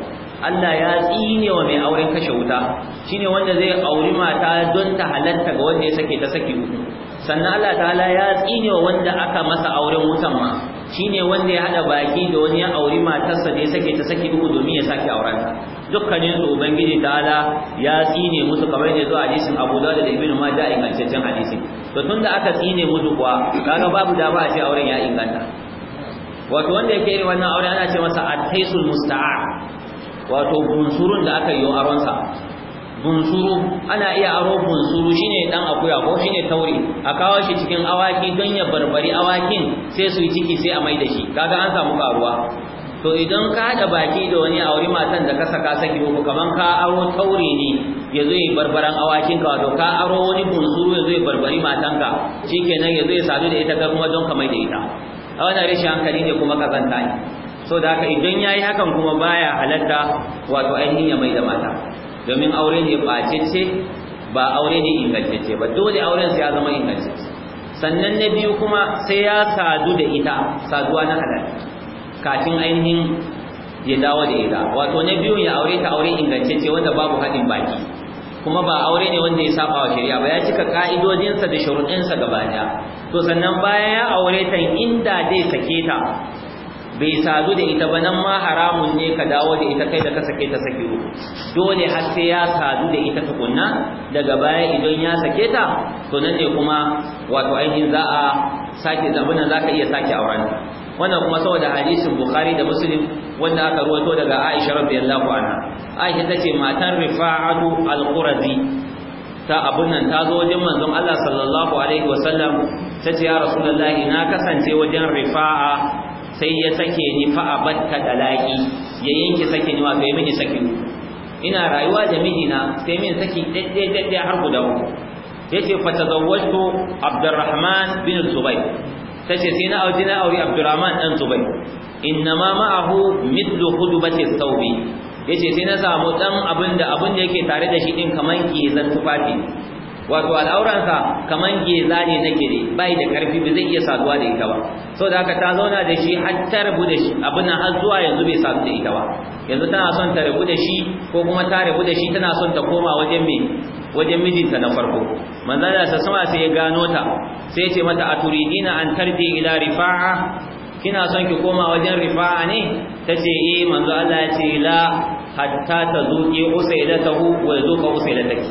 S2: Allah ya tsine wa mai auren kashe wuta shine wanda zai auri mata don ta halatta ga wanda ya sake ta saki uku sannan Allah ta'ala ya tsine wa wanda aka masa auren wutan ma shine wanda ya hada baki da wani ya auri matarsa da ya sake ta saki uku domin ya sake auren dukkanin su ubangiji ta'ala ya tsine musu kamar ne zuwa hadisin Abu Dawud da Ibn Majah a ingantaccen hadisi to tunda aka tsine musu kuwa kaga babu da ba a ce auren ya inganta wato wanda yake irin wannan aure ana ce masa at-taisul musta'ar wato bunsurun da aka yi auren sa bunsuru ana iya aro bunsuru shine dan akuya ko shine tauri a kawo shi cikin awaki don ya barbari awakin sai su yi ciki sai a mai da shi kaga an samu karuwa to idan ka hada baki da wani aure matan da ka saka saki ko kaman ka aro tauri ne ya zo yi barbaran awakin ka wato ka aro wani bunsuru ya zo yi barbari matanka shikenan ya zo ya sadu da ita ka kuma don ka mai da ita a wannan rashin hankali ne kuma kazanta ne so da haka idan yayi hakan kuma baya halatta wato ainihin ya mai da mata domin aure ne bacece ba aure ne ingantacce ba dole auren sai ya zama ingantacce sannan na biyu kuma sai ya sadu da ita saduwa na halal kafin ainihin ya dawo da ita wato na biyu ya aure ta aure ingantacce wanda babu haɗin baki kuma ba aure ne wanda ya saba wa shari'a ba ya cika ka'idojinsa da shuruɗinsa gaba ɗaya to sannan bayan ya aure ta inda zai sake ta bai sadu da ita ba nan ma haramun ne ka dawo da ita kai da ka sake ta sake dole har sai ya sadu da ita tukunna daga baya idan ya sake ta to nan ne kuma wato ainihin za a sake zabunan za ka iya sake auren wannan kuma saboda hadisin bukhari da muslim wanda aka ruwato daga aisha radiyallahu anha aisha tace matan rifa'atu al ta abun nan ta zo wajen manzon Allah sallallahu alaihi wasallam tace ya rasulullahi na kasance wajen rifa'a sai ya sake ni fa abatta dalaki ya yanke sake ni wato ya mini sake ina rayuwa da mijina sai min saki daidai daidai har guda uku ce fa tazawwajtu Abdurrahman bin Zubayr ce sai na aure na auri Abdurrahman dan Zubayr innama ma'ahu mithlu khudbati thawbi ce sai na samu dan abin da yake tare da shi din kaman kizan tufafi wato al'auransa kamar geza ne na gire bai da karfi ba zai iya saduwa da ita ba so da haka ta zauna da shi har ta rabu da shi abin nan har zuwa yanzu bai sadu da ita ba yanzu tana son ta rabu da shi ko kuma ta rabu da shi tana son ta koma wajen me wajen mijinta na farko manzon Allah sama sai ya gano ta sai ya ce mata aturidina an tarbi ila rifa'a kina son ki koma wajen rifa'a ne tace eh manzo Allah ya ce la hatta tazuqi usailatahu wa yazuqa usailataki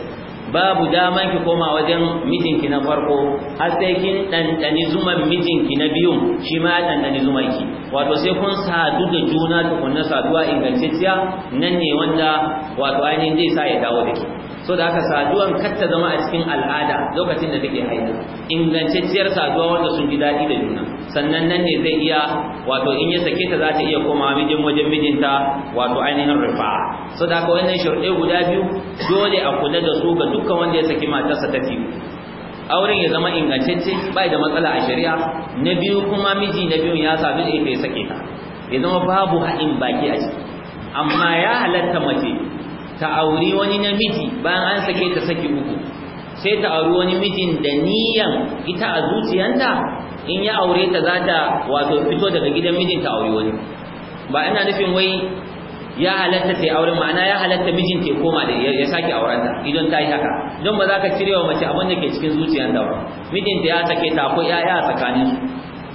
S2: babu daman ki koma wajen mijinki na farko har sai kin ɗanɗani zuman mijinki na biyu shi ma ya ɗanɗani ki? wato sai kun sadu da juna tukunna saduwa ingantacciya nan ne wanda wato ainihin zai sa ya dawo da ke so da aka saduwan kar ta zama a cikin al'ada lokacin da take haihu ingantacciyar saduwa wanda sun ji daɗi da juna sannan nan ne zai iya wato in ya sake ta za ta iya komawa mijin wajen mijinta wato ainihin rufaa. so da aka wannan shirɗe guda biyu dole a kula da su ga dukkan wanda ya saki matarsa ta biyu auren ya zama ingantacce bai da matsala a shari'a na biyu kuma miji na biyun ya sadu da ita ya sake ta ya zama babu haɗin baki a ciki amma ya halatta mace ta auri wani namiji bayan an sake ta saki uku sai ta auri wani mijin da niyan ita a zuciyanta in ya aure ta za ta wato fito daga gidan mijin ta auri wani ba ina nufin wai ya halatta ta aure ma'ana ya halatta mijin ta koma da ya sake aurenta idan ta yi haka don ba za ka cire wa mace abin da ke cikin zuciyanta ba mijin ta ya sake ta akwai yaya a tsakanin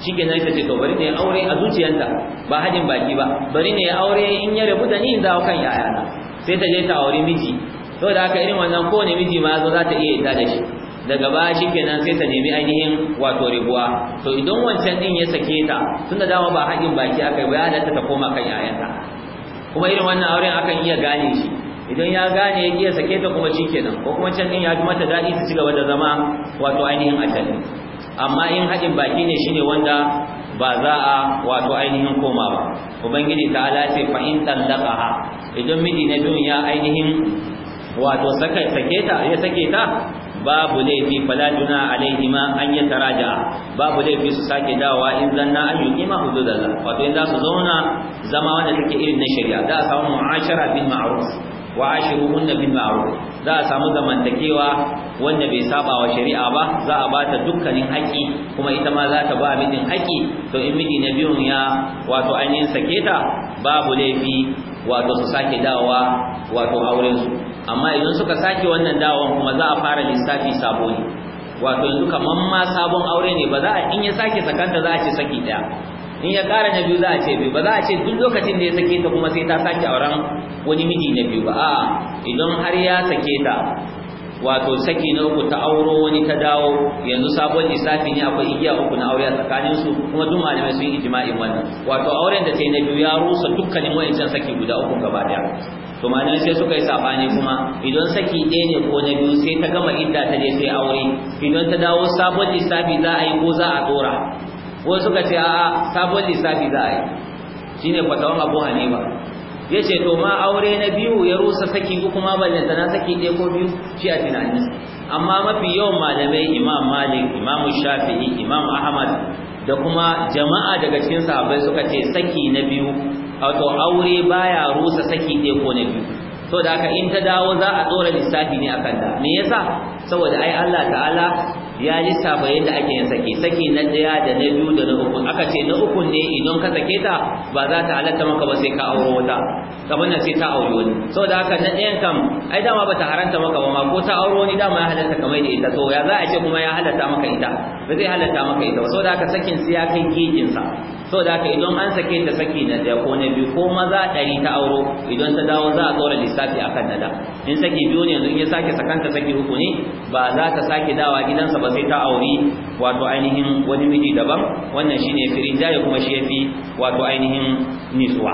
S2: su ke nan ce to bari ne aure a zuciyanta ba hadin baki ba bari ne aure in ya rabu da ni in za kan yaya na sai ta je ta aure miji da aka irin wannan ne miji ma zo za ta iya ita da shi daga baya kenan sai ta nemi ainihin wato ribuwa to idan wancan din ya sake ta tunda dama ba haƙin baki akai ba ya ta koma kan yayanta kuma irin wannan auren akan iya gane shi idan ya gane ya iya sake ta kuma kenan ko kuma can din ya ji mata daɗi su ci gaba da zama wato ainihin ajali amma in haƙin baki ne shine wanda ba za a wato ainihin koma ba ubangiji ta ala ce fa in idan miji na biyun ya ainihin wato sake ta ya sake ta babu laifi fala juna ma an ya taraja babu laifi su sake dawa in zanna an yuqima hududallah wato in za su zauna zama wanda take irin na shari'a da a samu mu'ashara bin ma'ruf wa ashiruhunna bil ma'ruf za a samu zamantakewa wanda bai saba wa shari'a ba za a bata dukkanin haƙi kuma ita ma za ta ba mijin haƙi to in miji na biyun ya wato ainihin sake ta babu laifi wato su sake dawowa wato auren su amma idan suka sake wannan dawowan kuma za a fara lissafi sabo ne wato yanzu kamar ma sabon aure ne ba za a in ya sake sakanta za a ce saki daya in ya kara na biyu za a ce biyu ba za a ce duk lokacin da ya sake ta kuma sai ta sake auren wani miji na biyu ba a'a idan har ya sake ta wato saki na uku ta auro wani ta dawo yanzu sabon lissafi ne akwai igiya uku na aure a tsakanin su kuma duk malamai sun yi jima'i wannan wato auren da ta yi na biyu ya rusa dukkanin wayancan saki guda uku gaba daya to malamai sai suka yi sabani kuma idan saki ɗaya ne ko na biyu sai ta gama idda ta je sai aure idan ta dawo sabon lissafi za a yi ko za a dora wai suka ce a'a sabon lissafi za a yi shine kwatawan Abu Hanifa yace to ma aure na biyu ya rusa saki uku ma balle na saki ɗaya ko biyu shi a tunanin amma mafi yawan malamai Imam Malik Imam Shafi'i Imam Ahmad da kuma jama'a daga cikin sahabbai suka ce saki na biyu wato aure baya rusa saki ɗaya ko na biyu so da haka in ta dawo za a dora lissafi ne akan da me yasa saboda ai Allah ta'ala ya lissafa yadda ake yin sake sake na daya da na biyu da na uku aka ce na uku ne idan ka sake ta ba za ta halatta maka ba sai ka auro wata kamar nan sai ta aure wani saboda haka na ɗayan kam ai dama ta haranta maka ba ma ko ta auro wani dama ya halatta kamar da ita to ya za a ce kuma ya halatta maka ita ba zai halatta maka ita ba saboda haka sakin sai ya kai gejin sa so da haka idan an sake ta saki na ɗaya ko na biyu ko maza ɗari ta auro idan ta dawo za a tsora lissafi akan nada in saki biyu ne yanzu in ya sake sakanta saki uku ne ba za ta sake dawa gidansa ba sai ta auri wato ainihin wani miji daban wannan shine firin ya kuma shi yafi wato ainihin nisuwa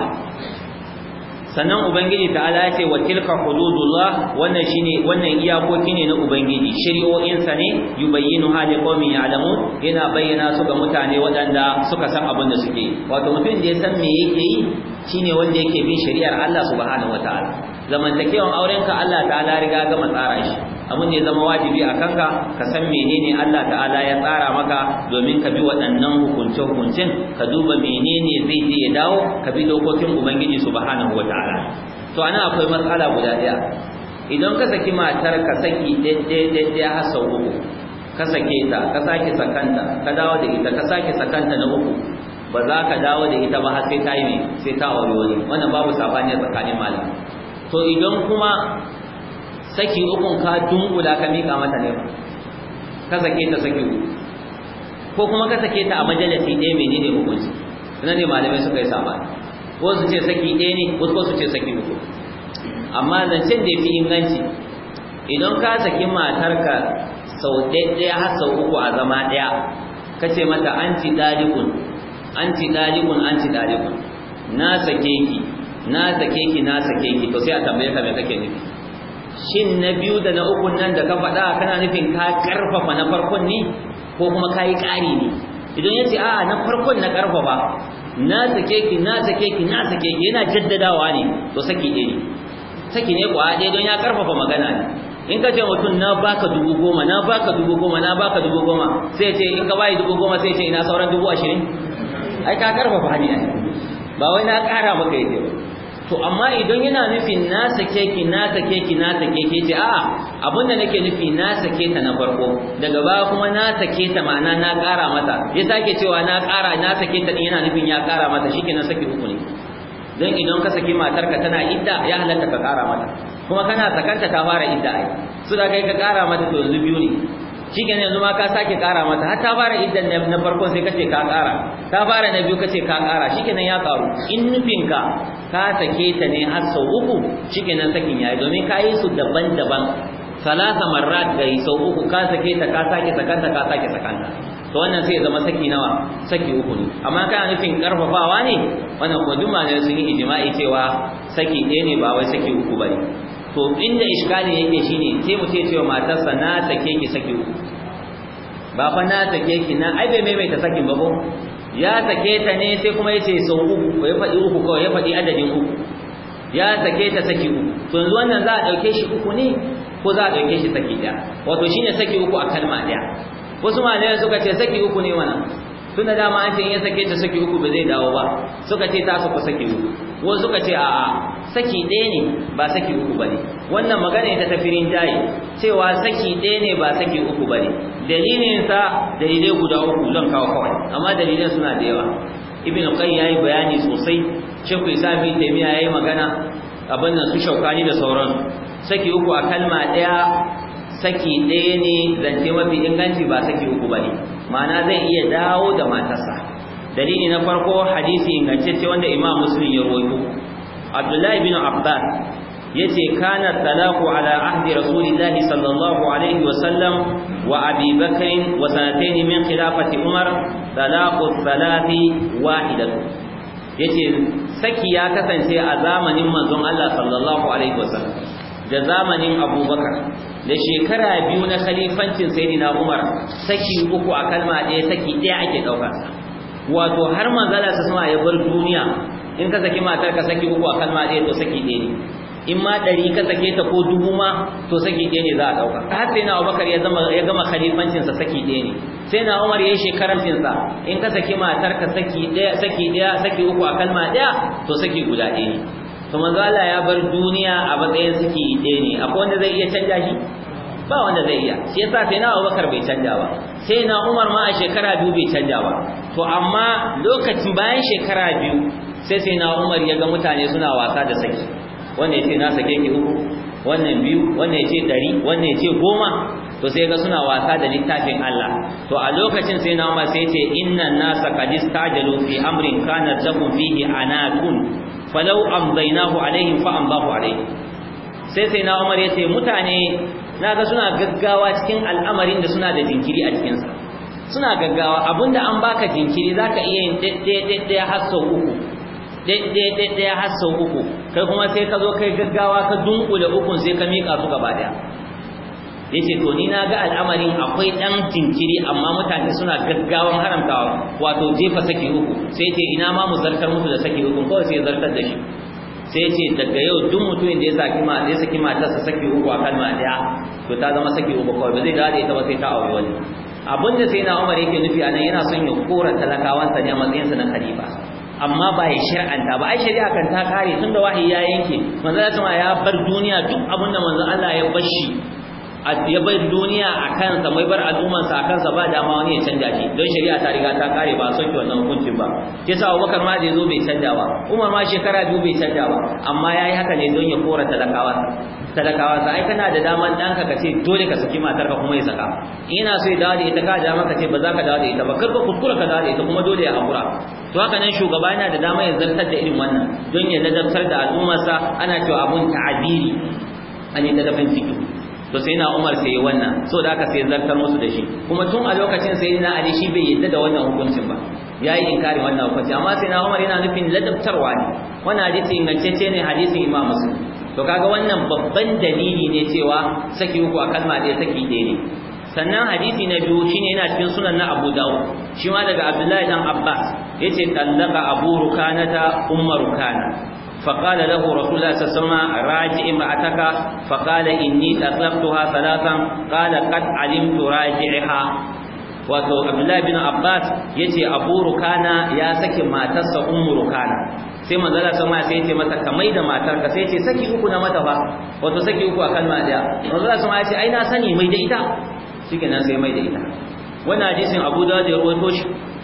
S2: sannan ubangiji ta'ala ya ce wa tilka hududullah wannan shine wannan iyakoki ne na ubangiji shari'o'in sa ne yubayyinu hali qaumin ya'lamu yana bayyana su ga mutane waɗanda suka san abin da suke wato mutum da ya san me yake yi shine wanda yake bin shari'ar Allah subhanahu wataala zamantakewan aurenka Allah ta'ala riga gama tsara shi abin da ya zama wajibi a kanka ka san menene Allah ta'ala ya tsara maka domin ka bi waɗannan hukunce hukuncen ka duba menene zai je ya dawo ka bi dokokin ubangiji subhanahu wataala to ana akwai matsala guda ɗaya idan ka saki matar ka saki ɗaya har sau uku ka sake ta ka sake sakanta ka dawo da ita ka sake sakanta na uku ba za ka dawo da ita ba har sai ta yi sai ta aure wani wannan babu sabani tsakanin malam to idan kuma saki ukun ka dunkula ka mika mata ne ka sake ta saki uku ko kuma ka sake ta a majalisi ɗaya menene hukunci nan ne malamai suka yi saba ko su ce saki ɗaya ne ko su ce saki uku amma zancen da ya fi inganci idan ka saki matarka sau ɗaya har sau uku a zama ɗaya ka ce mata an ci anti an ci ɗalikun an ci na sake ki na sake ki na sake ki to sai a tambaye ka me kake nufi shin na biyu da na ukun nan da ka faɗa kana nufin ka karfafa na farkon ne ko kuma ka yi ƙari ne idan ya ce a'a na farkon na karfafa na sake ki na sake ki na sake ki yana jaddadawa ne to saki ne saki ne kwa ɗaya don ya karfafa magana ne in ka ce mutum na baka dubu goma na baka dubu goma na baka dubu goma sai ce in ka bayi dubu goma sai ce ina sauran dubu ashirin ai ka karfafa ne ba wai na ƙara maka yake ba to amma idan yana nufin na sake ki na sake ki na sake ki ce a'a abinda nake nufi na sake ta na farko daga baya kuma na sake ta ma'ana na ƙara mata ya sake cewa na ƙara na sake ta yana nufin ya ƙara mata shikenan saki uku ne dan idan ka saki matarka tana idda ya halatta ka ƙara mata kuma kana sakanta ta fara idda ai su da kai ka ƙara mata to yanzu biyu ne shi kenan yanzu ma ka sake kara mata har ta fara idan na farko sai kace ka kara ta fara na biyu kace ka kara shi nan ya karu in nufinka ka sake ta ne har sau uku shi nan sakin yayi domin ka yi su daban-daban salasa marrat gai sau uku ka sake ta ka sake sakanta ka sake sakanta to wannan sai ya zama saki nawa saki uku ne amma kana nufin karfafawa ne wannan kuma duk ne sun yi ijma'i cewa saki ɗaya ne ba wai saki uku bane to inda iskali yake shine sai mu ce cewa matarsa na take ki saki uku ba fa na take ki na ai bai maimaita sakin ba ko ya take ta ne sai kuma yace sau uku bai fadi uku kawai ya fadi adadin uku ya take ta saki uku to yanzu wannan za a dauke shi uku ne ko za a dauke shi saki ɗaya wato shine saki uku a kalma daya wasu malamai suka ce saki uku ne wannan tunda dama an ce in ya sake ta saki uku ba zai dawo ba suka ce ta ku saki uku wasu suka ce a'a saki ɗaya ne ba saki uku ba ne wannan magana ta tafirin jayi cewa saki ɗaya ne ba saki uku ba ne sa dalilai guda uku zan kawo kawai amma dalilan suna da yawa ibn qayyim yayi bayani sosai shekul islam ibn taymiya yayi magana abin nan su shaukani da sauran saki uku a kalma ɗaya saki ɗaya ne zance mafi inganci ba saki uku ba ne ma'ana zai iya dawo da matarsa dalili na farko hadisi ingantacce wanda imam muslim ya rawaito abdullahi bin abbas yace kana talaqu ala ahdi rasulillah sallallahu alaihi wa sallam wa abi bakr wa sanatayn min khilafati umar talaqu thalathi wahidatun yace saki ya kasance a zamanin manzon Allah sallallahu alaihi wa sallam da zamanin abubakar da shekara biyu na khalifancin sayyidina umar saki uku a kalma ɗaya saki ɗaya ake ɗaukar wato har manzala sa sama ya bar duniya in ka saki matar ka saki uku a kalma ɗaya to saki ɗaya ne in ma ɗari ka sake ta ko dubu ma to saki ɗaya ne za a ɗauka har sai na abubakar ya zama ya gama khalifancinsa saki ɗaya ne sai na umar ya yi shekarancinsa in ka saki matar ka saki ɗaya saki ɗaya saki uku a kalma ɗaya to saki guda ɗaya ne to Manzala ya bar duniya a matsayin saki ɗaya ne akwai wanda zai iya canja shi ba wanda zai iya shi yasa sai na Abubakar bai canja ba sai na Umar ma a shekara biyu bai canja ba to amma lokacin bayan shekara biyu sai sai na Umar ya ga mutane suna wasa da saki wannan yace na sake ki uku wannan biyu wannan yace dari wannan yace goma to sai ga suna wasa da littafin Allah to a lokacin sai na Umar sai yace innan nasa qad istajalu fi amrin kana takum fihi anakun falau amdainahu alaihim fa amdahu alaihim sai sai na Umar yace mutane na ga suna gaggawa cikin al'amarin da suna da jinkiri a cikinsa suna gaggawa abinda an baka jinkiri za ka iya yin ɗaiɗaiɗaiɗaya har sau uku ɗaiɗaiɗaiɗaya har sau uku kai kuma sai ka zo kai gaggawa ka dunkule ukun sai ka miƙa su gaba ɗaya ya ce to ni na ga al'amarin akwai ɗan jinkiri amma mutane suna gaggawan haramtawa wato jefa saki uku sai ce ina ma mu zartar musu da saki uku kawai sai zartar da shi sai ce daga yau duk mutumin da ya saki ma ya saki matarsa saki uku a kalma daya to ta zama saki uku kawai ba zai dawo da ita ba sai ta auri wani abin da sai na Umar yake nufi anan yana son ya kora talakawan ne a matsayinsa na khalifa amma ba ya shar'anta ba ai shari'a kan ta kare tun da wahayi ya yanke manzo Allah ya bar duniya duk abin da manzo Allah ya bar shi ya bar duniya a kansa mai bar al'ummarsa a kansa ba dama wani ya canja shi don shari'a ta riga ta kare ba sauke wannan hukuncin ba sa Abubakar ma da zo bai canja ba Umar ma shekara biyu bai canja ba amma ya yi haka ne don ya kora talakawa talakawa sa ai kana da daman danka ka ce dole ka saki matar ka kuma ya saka ina so ya dawo da ita ka ja maka ce ba za ka dawo da ita ba kar ka kuskura ka dawo da ita kuma dole ya hakura to haka nan shugaba yana da dama ya zartar da irin wannan don ya ladabtar da al'ummarsa ana cewa abun ta'abiri a ne da ciki to sai na Umar sai yi wannan so da aka sai zartar musu da shi kuma tun a lokacin sai na Ali shi bai yadda da wannan hukuncin ba Ya yi inkari wannan hukunci amma sai na Umar yana nufin ladabtarwa ne wannan hadisi ingantacce ne hadisin Imam Muslim to kaga wannan babban dalili ne cewa saki uku a kalma ɗaya saki ɗaya ne sannan hadisi na biyu shine yana cikin sunan na Abu Dawud shi ma daga Abdullahi dan Abbas yace tallaka Abu ta Umma Rukana فقال له رسول الله صلى الله عليه وسلم راجع امرأتك فقال إني طلقتها ثلاثا قال قد علمت راجعها wato abdullahi bin abbas yace abu rukana ya saki matarsa ummu rukana sai manzala sama sai yace masa kamai da matarka sai yace saki uku na mata ba wato saki uku a kalma daya manzala sama yace ai na sani mai da ita shikenan sai mai da ita wannan hadisin abu dawud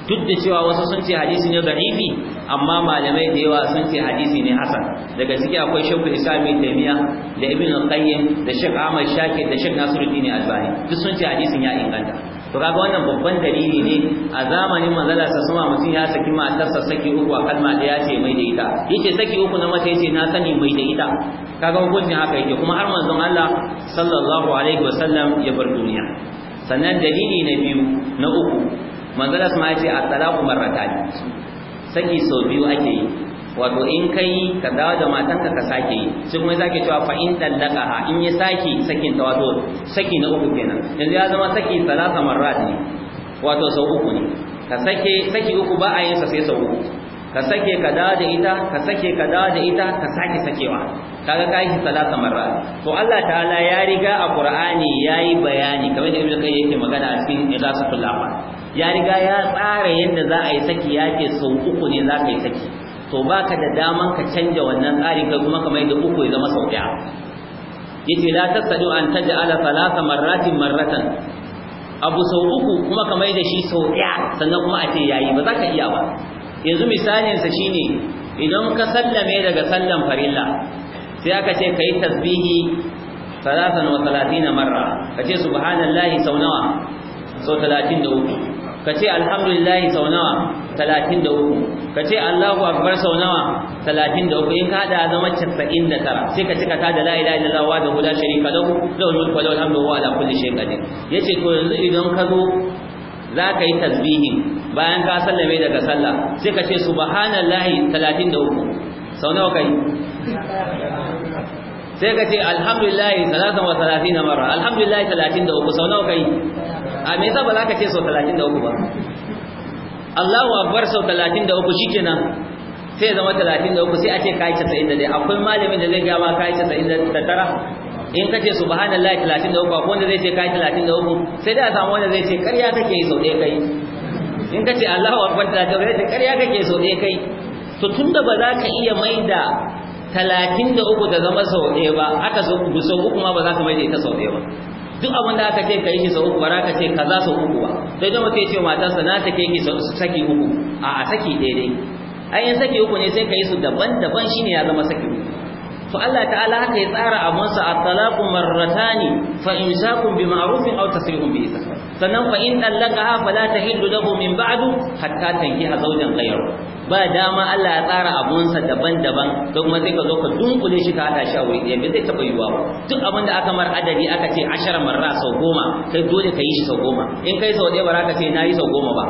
S2: duk da cewa wasu sun ce hadisi ne da'ifi amma malamai da yawa sun ce hadisi ne hasan daga ciki akwai shekul islami taimiya da ibn al-qayyim da shek ahmad shakir da shek nasiruddin albani duk sun ce hadisin ya inganta to kaga wannan babban dalili ne a zamanin manzala sa sama mutum ya saki matarsa saki uku a kalma da ya ce mai da ita yace saki uku na mata yace na sani mai da ita kaga hukuncin haka yake kuma har manzon Allah sallallahu alaihi wasallam ya bar duniya sannan dalili na biyu na uku manzala su ma ya ce a talaku marrata saki sau biyu ake yi wato in kai ka dawo da matanka ka sake yi sai kuma zake cewa fa in ha in ya saki sakin ta wato saki na uku kenan yanzu ya zama saki salasa marrat ne wato sau uku ne ka sake saki uku ba a yin sa sai sau uku ka sake ka dawo da ita ka sake ka dawo da ita ka sake sakewa kaga kai shi salasa marrat to Allah ta'ala ya riga a Qur'ani yayi bayani kamar da ibnu Qayyim yake magana a cikin Igasatul Afan ya riga ya tsara yadda za a yi saki ya ke sau uku ne za ka yi saki to ba ka da daman ka canja wannan tsari ka kuma kamar da uku ya zama sau daya yace la tasadu an taj'ala thalatha marratin marratan abu sau uku kuma kamar da shi sau daya sannan kuma a ce yayi ba za ka iya ba yanzu misalinsa sa shine idan ka sallame daga sallan farilla sai aka ce ka yi tasbihi wa 33 marra kace subhanallahi sau nawa sau uku. ka ce alhamdulillahi sau nawa 33 ka ce Allahu akbar sau nawa 33 in ka hada zama 99 sai ka cika ta da la ilaha illallah wa da huda sharika lahu lahul mulku wa lahul hamdu wa ala kulli shay'in qadir yace to yanzu idan ka zo za ka yi tasbihin bayan ka sallame daga sallah sai ka ce subhanallahi 33 sau nawa kai sai ka ce alhamdulillahi 33 marra alhamdulillahi 33 sau nawa kai a me yasa ba za ka ce sau talatin da uku ba Allahu akbar sau talatin da uku, shikenan sai zama talatin da uku, sai a ce ka yi casa'in da dai akwai malamin da zai yi ma da tattara in ka ce kace subhanallahi 33 akwai wanda zai ce ka yi talatin da uku, sai da a samu wanda zai ce ƙarya kake yi sau ɗaya kai in ka ce Allahu akbar uku, sai ce ƙarya kake sau ɗaya kai to tunda ba za ka iya maida talatin da uku ta zama sau ɗaya ba aka sau uku ma ba za ka maida ita sau ɗaya ba duk abin da aka ce ka yi shi sau uku ba ka ce ka za su uku ba sai don mutum ya ce matarsa na take yi su saki uku a saki daidai ayin saki uku ne sai ka yi su daban-daban shi ne ya zama saki uku to Allah ta'ala haka ya tsara amansa at-talaqu marratani fa imsakun bi ma'rufin aw tasrihun bi ihsan sannan fa in dallaqaha fala tahillu lahu min ba'du hatta a zawjan ghayrahu ba dama Allah ya tsara abunsa daban-daban don kuma sai ka zo ka dunkule shi ka hada shi a wuri ɗaya zai taɓa yiwuwa ba duk abin da aka mar adadi aka ce ashara marra sau goma kai dole ka yi shi sau goma in kai sau ɗaya ba za ka ce na yi sau goma ba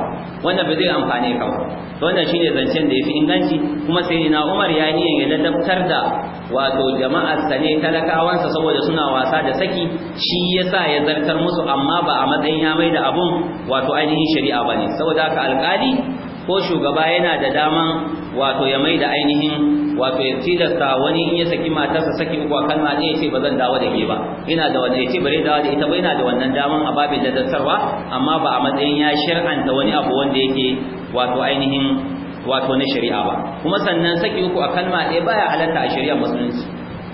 S2: wannan ba zai amfane ka ba wannan shine zancen da yafi inganci kuma sai na Umar ya niyan ya ladabtar da wato jama'ar sa ne talakawansa saboda suna wasa da saki shi yasa ya zartar musu amma ba a matsayin ya da abun wato ainihin shari'a bane saboda haka alƙali ko shugaba yana da dama wato ya mai da ainihin wato ya tilasta wani in ya saki matarsa saki uku a kalma ɗaya ya ce ba zan dawo da ke ba ina da wani ya ce bare dawo da ita ba ina da wannan daman a babin ladantarwa amma ba a matsayin ya shir'anta wani abu wanda yake wato ainihin wato na shari'a ba kuma sannan saki uku a kalma ɗaya baya halatta a shari'ar musulunci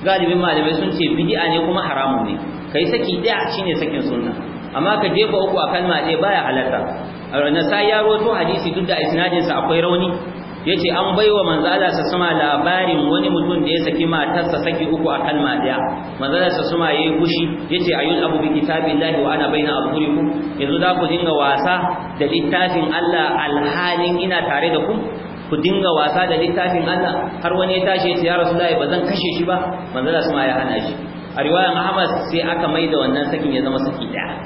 S2: galibin malamai sun ce bid'a ne kuma haramun ne kai saki ɗaya shine sakin sunna amma ka jefa uku a kalma ɗaya baya halatta nasai ya roto hadisi duk da isnadin sa akwai rauni yace an baiwa manzo Allah sa sama labarin wani mutum da ya saki matarsa saki uku a kalma daya manzo Allah sa sama yayi gushi yace ayul abu bi kitabillahi wa ana baina abdurikum yanzu da ku dinga wasa da littafin Allah alhalin ina tare da ku ku dinga wasa da littafin Allah har wani ya tashi ya rasulullahi bazan kashe shi ba manzo Allah sama ya hana shi a riwayan Ahmad sai aka maida wannan sakin ya zama saki daya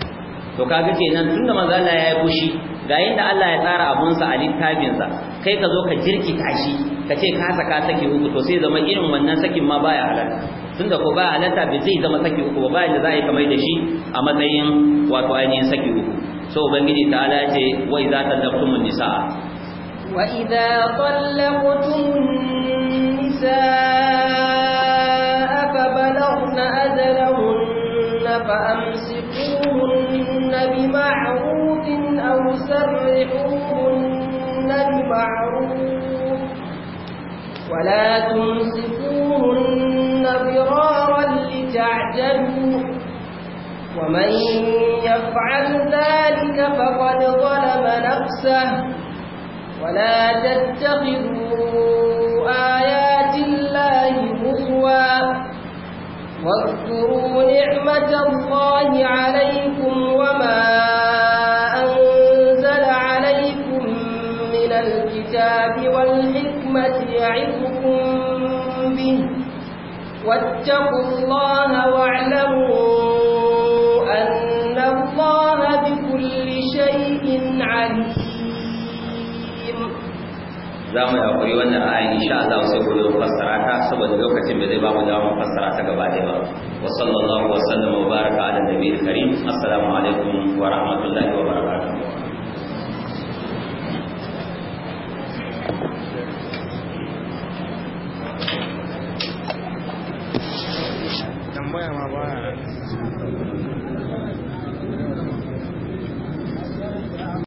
S2: to kaga kenan tunda manzo Allah ya yi fushi ga yadda Allah ya tsara abunsa a littafinsa kai ka zo ka jirki kashi ka ce ka saka saki uku to sai zama irin wannan sakin ma baya halatta da ko baya halatta bai zai zama saki uku ba bayan da za a yi kamar da shi a matsayin wato ainihin saki uku so ubangiji ta ala ce wa idza tallaqtumun nisaa
S1: wa idza tallaqtumun nisaa fa balaghna ajalahunna fa فسرحوهن المعروف ولا تمسكوهن ضرارا لتعجلوا ومن يفعل ذلك فقد ظلم نفسه ولا تتخذوا آيات الله هزوا واذكروا نعمة الله عليكم وما والحكمة يعظكم به واتقوا الله واعلموا أن الله بكل شيء عليم
S2: za mu yaƙuri wannan ayin insha Allah sai ku zo fassara ta saboda lokacin da zai ba mu dawo fassara ta gaba da ba wa sallallahu wa sallama wa baraka wa
S1: มาว่า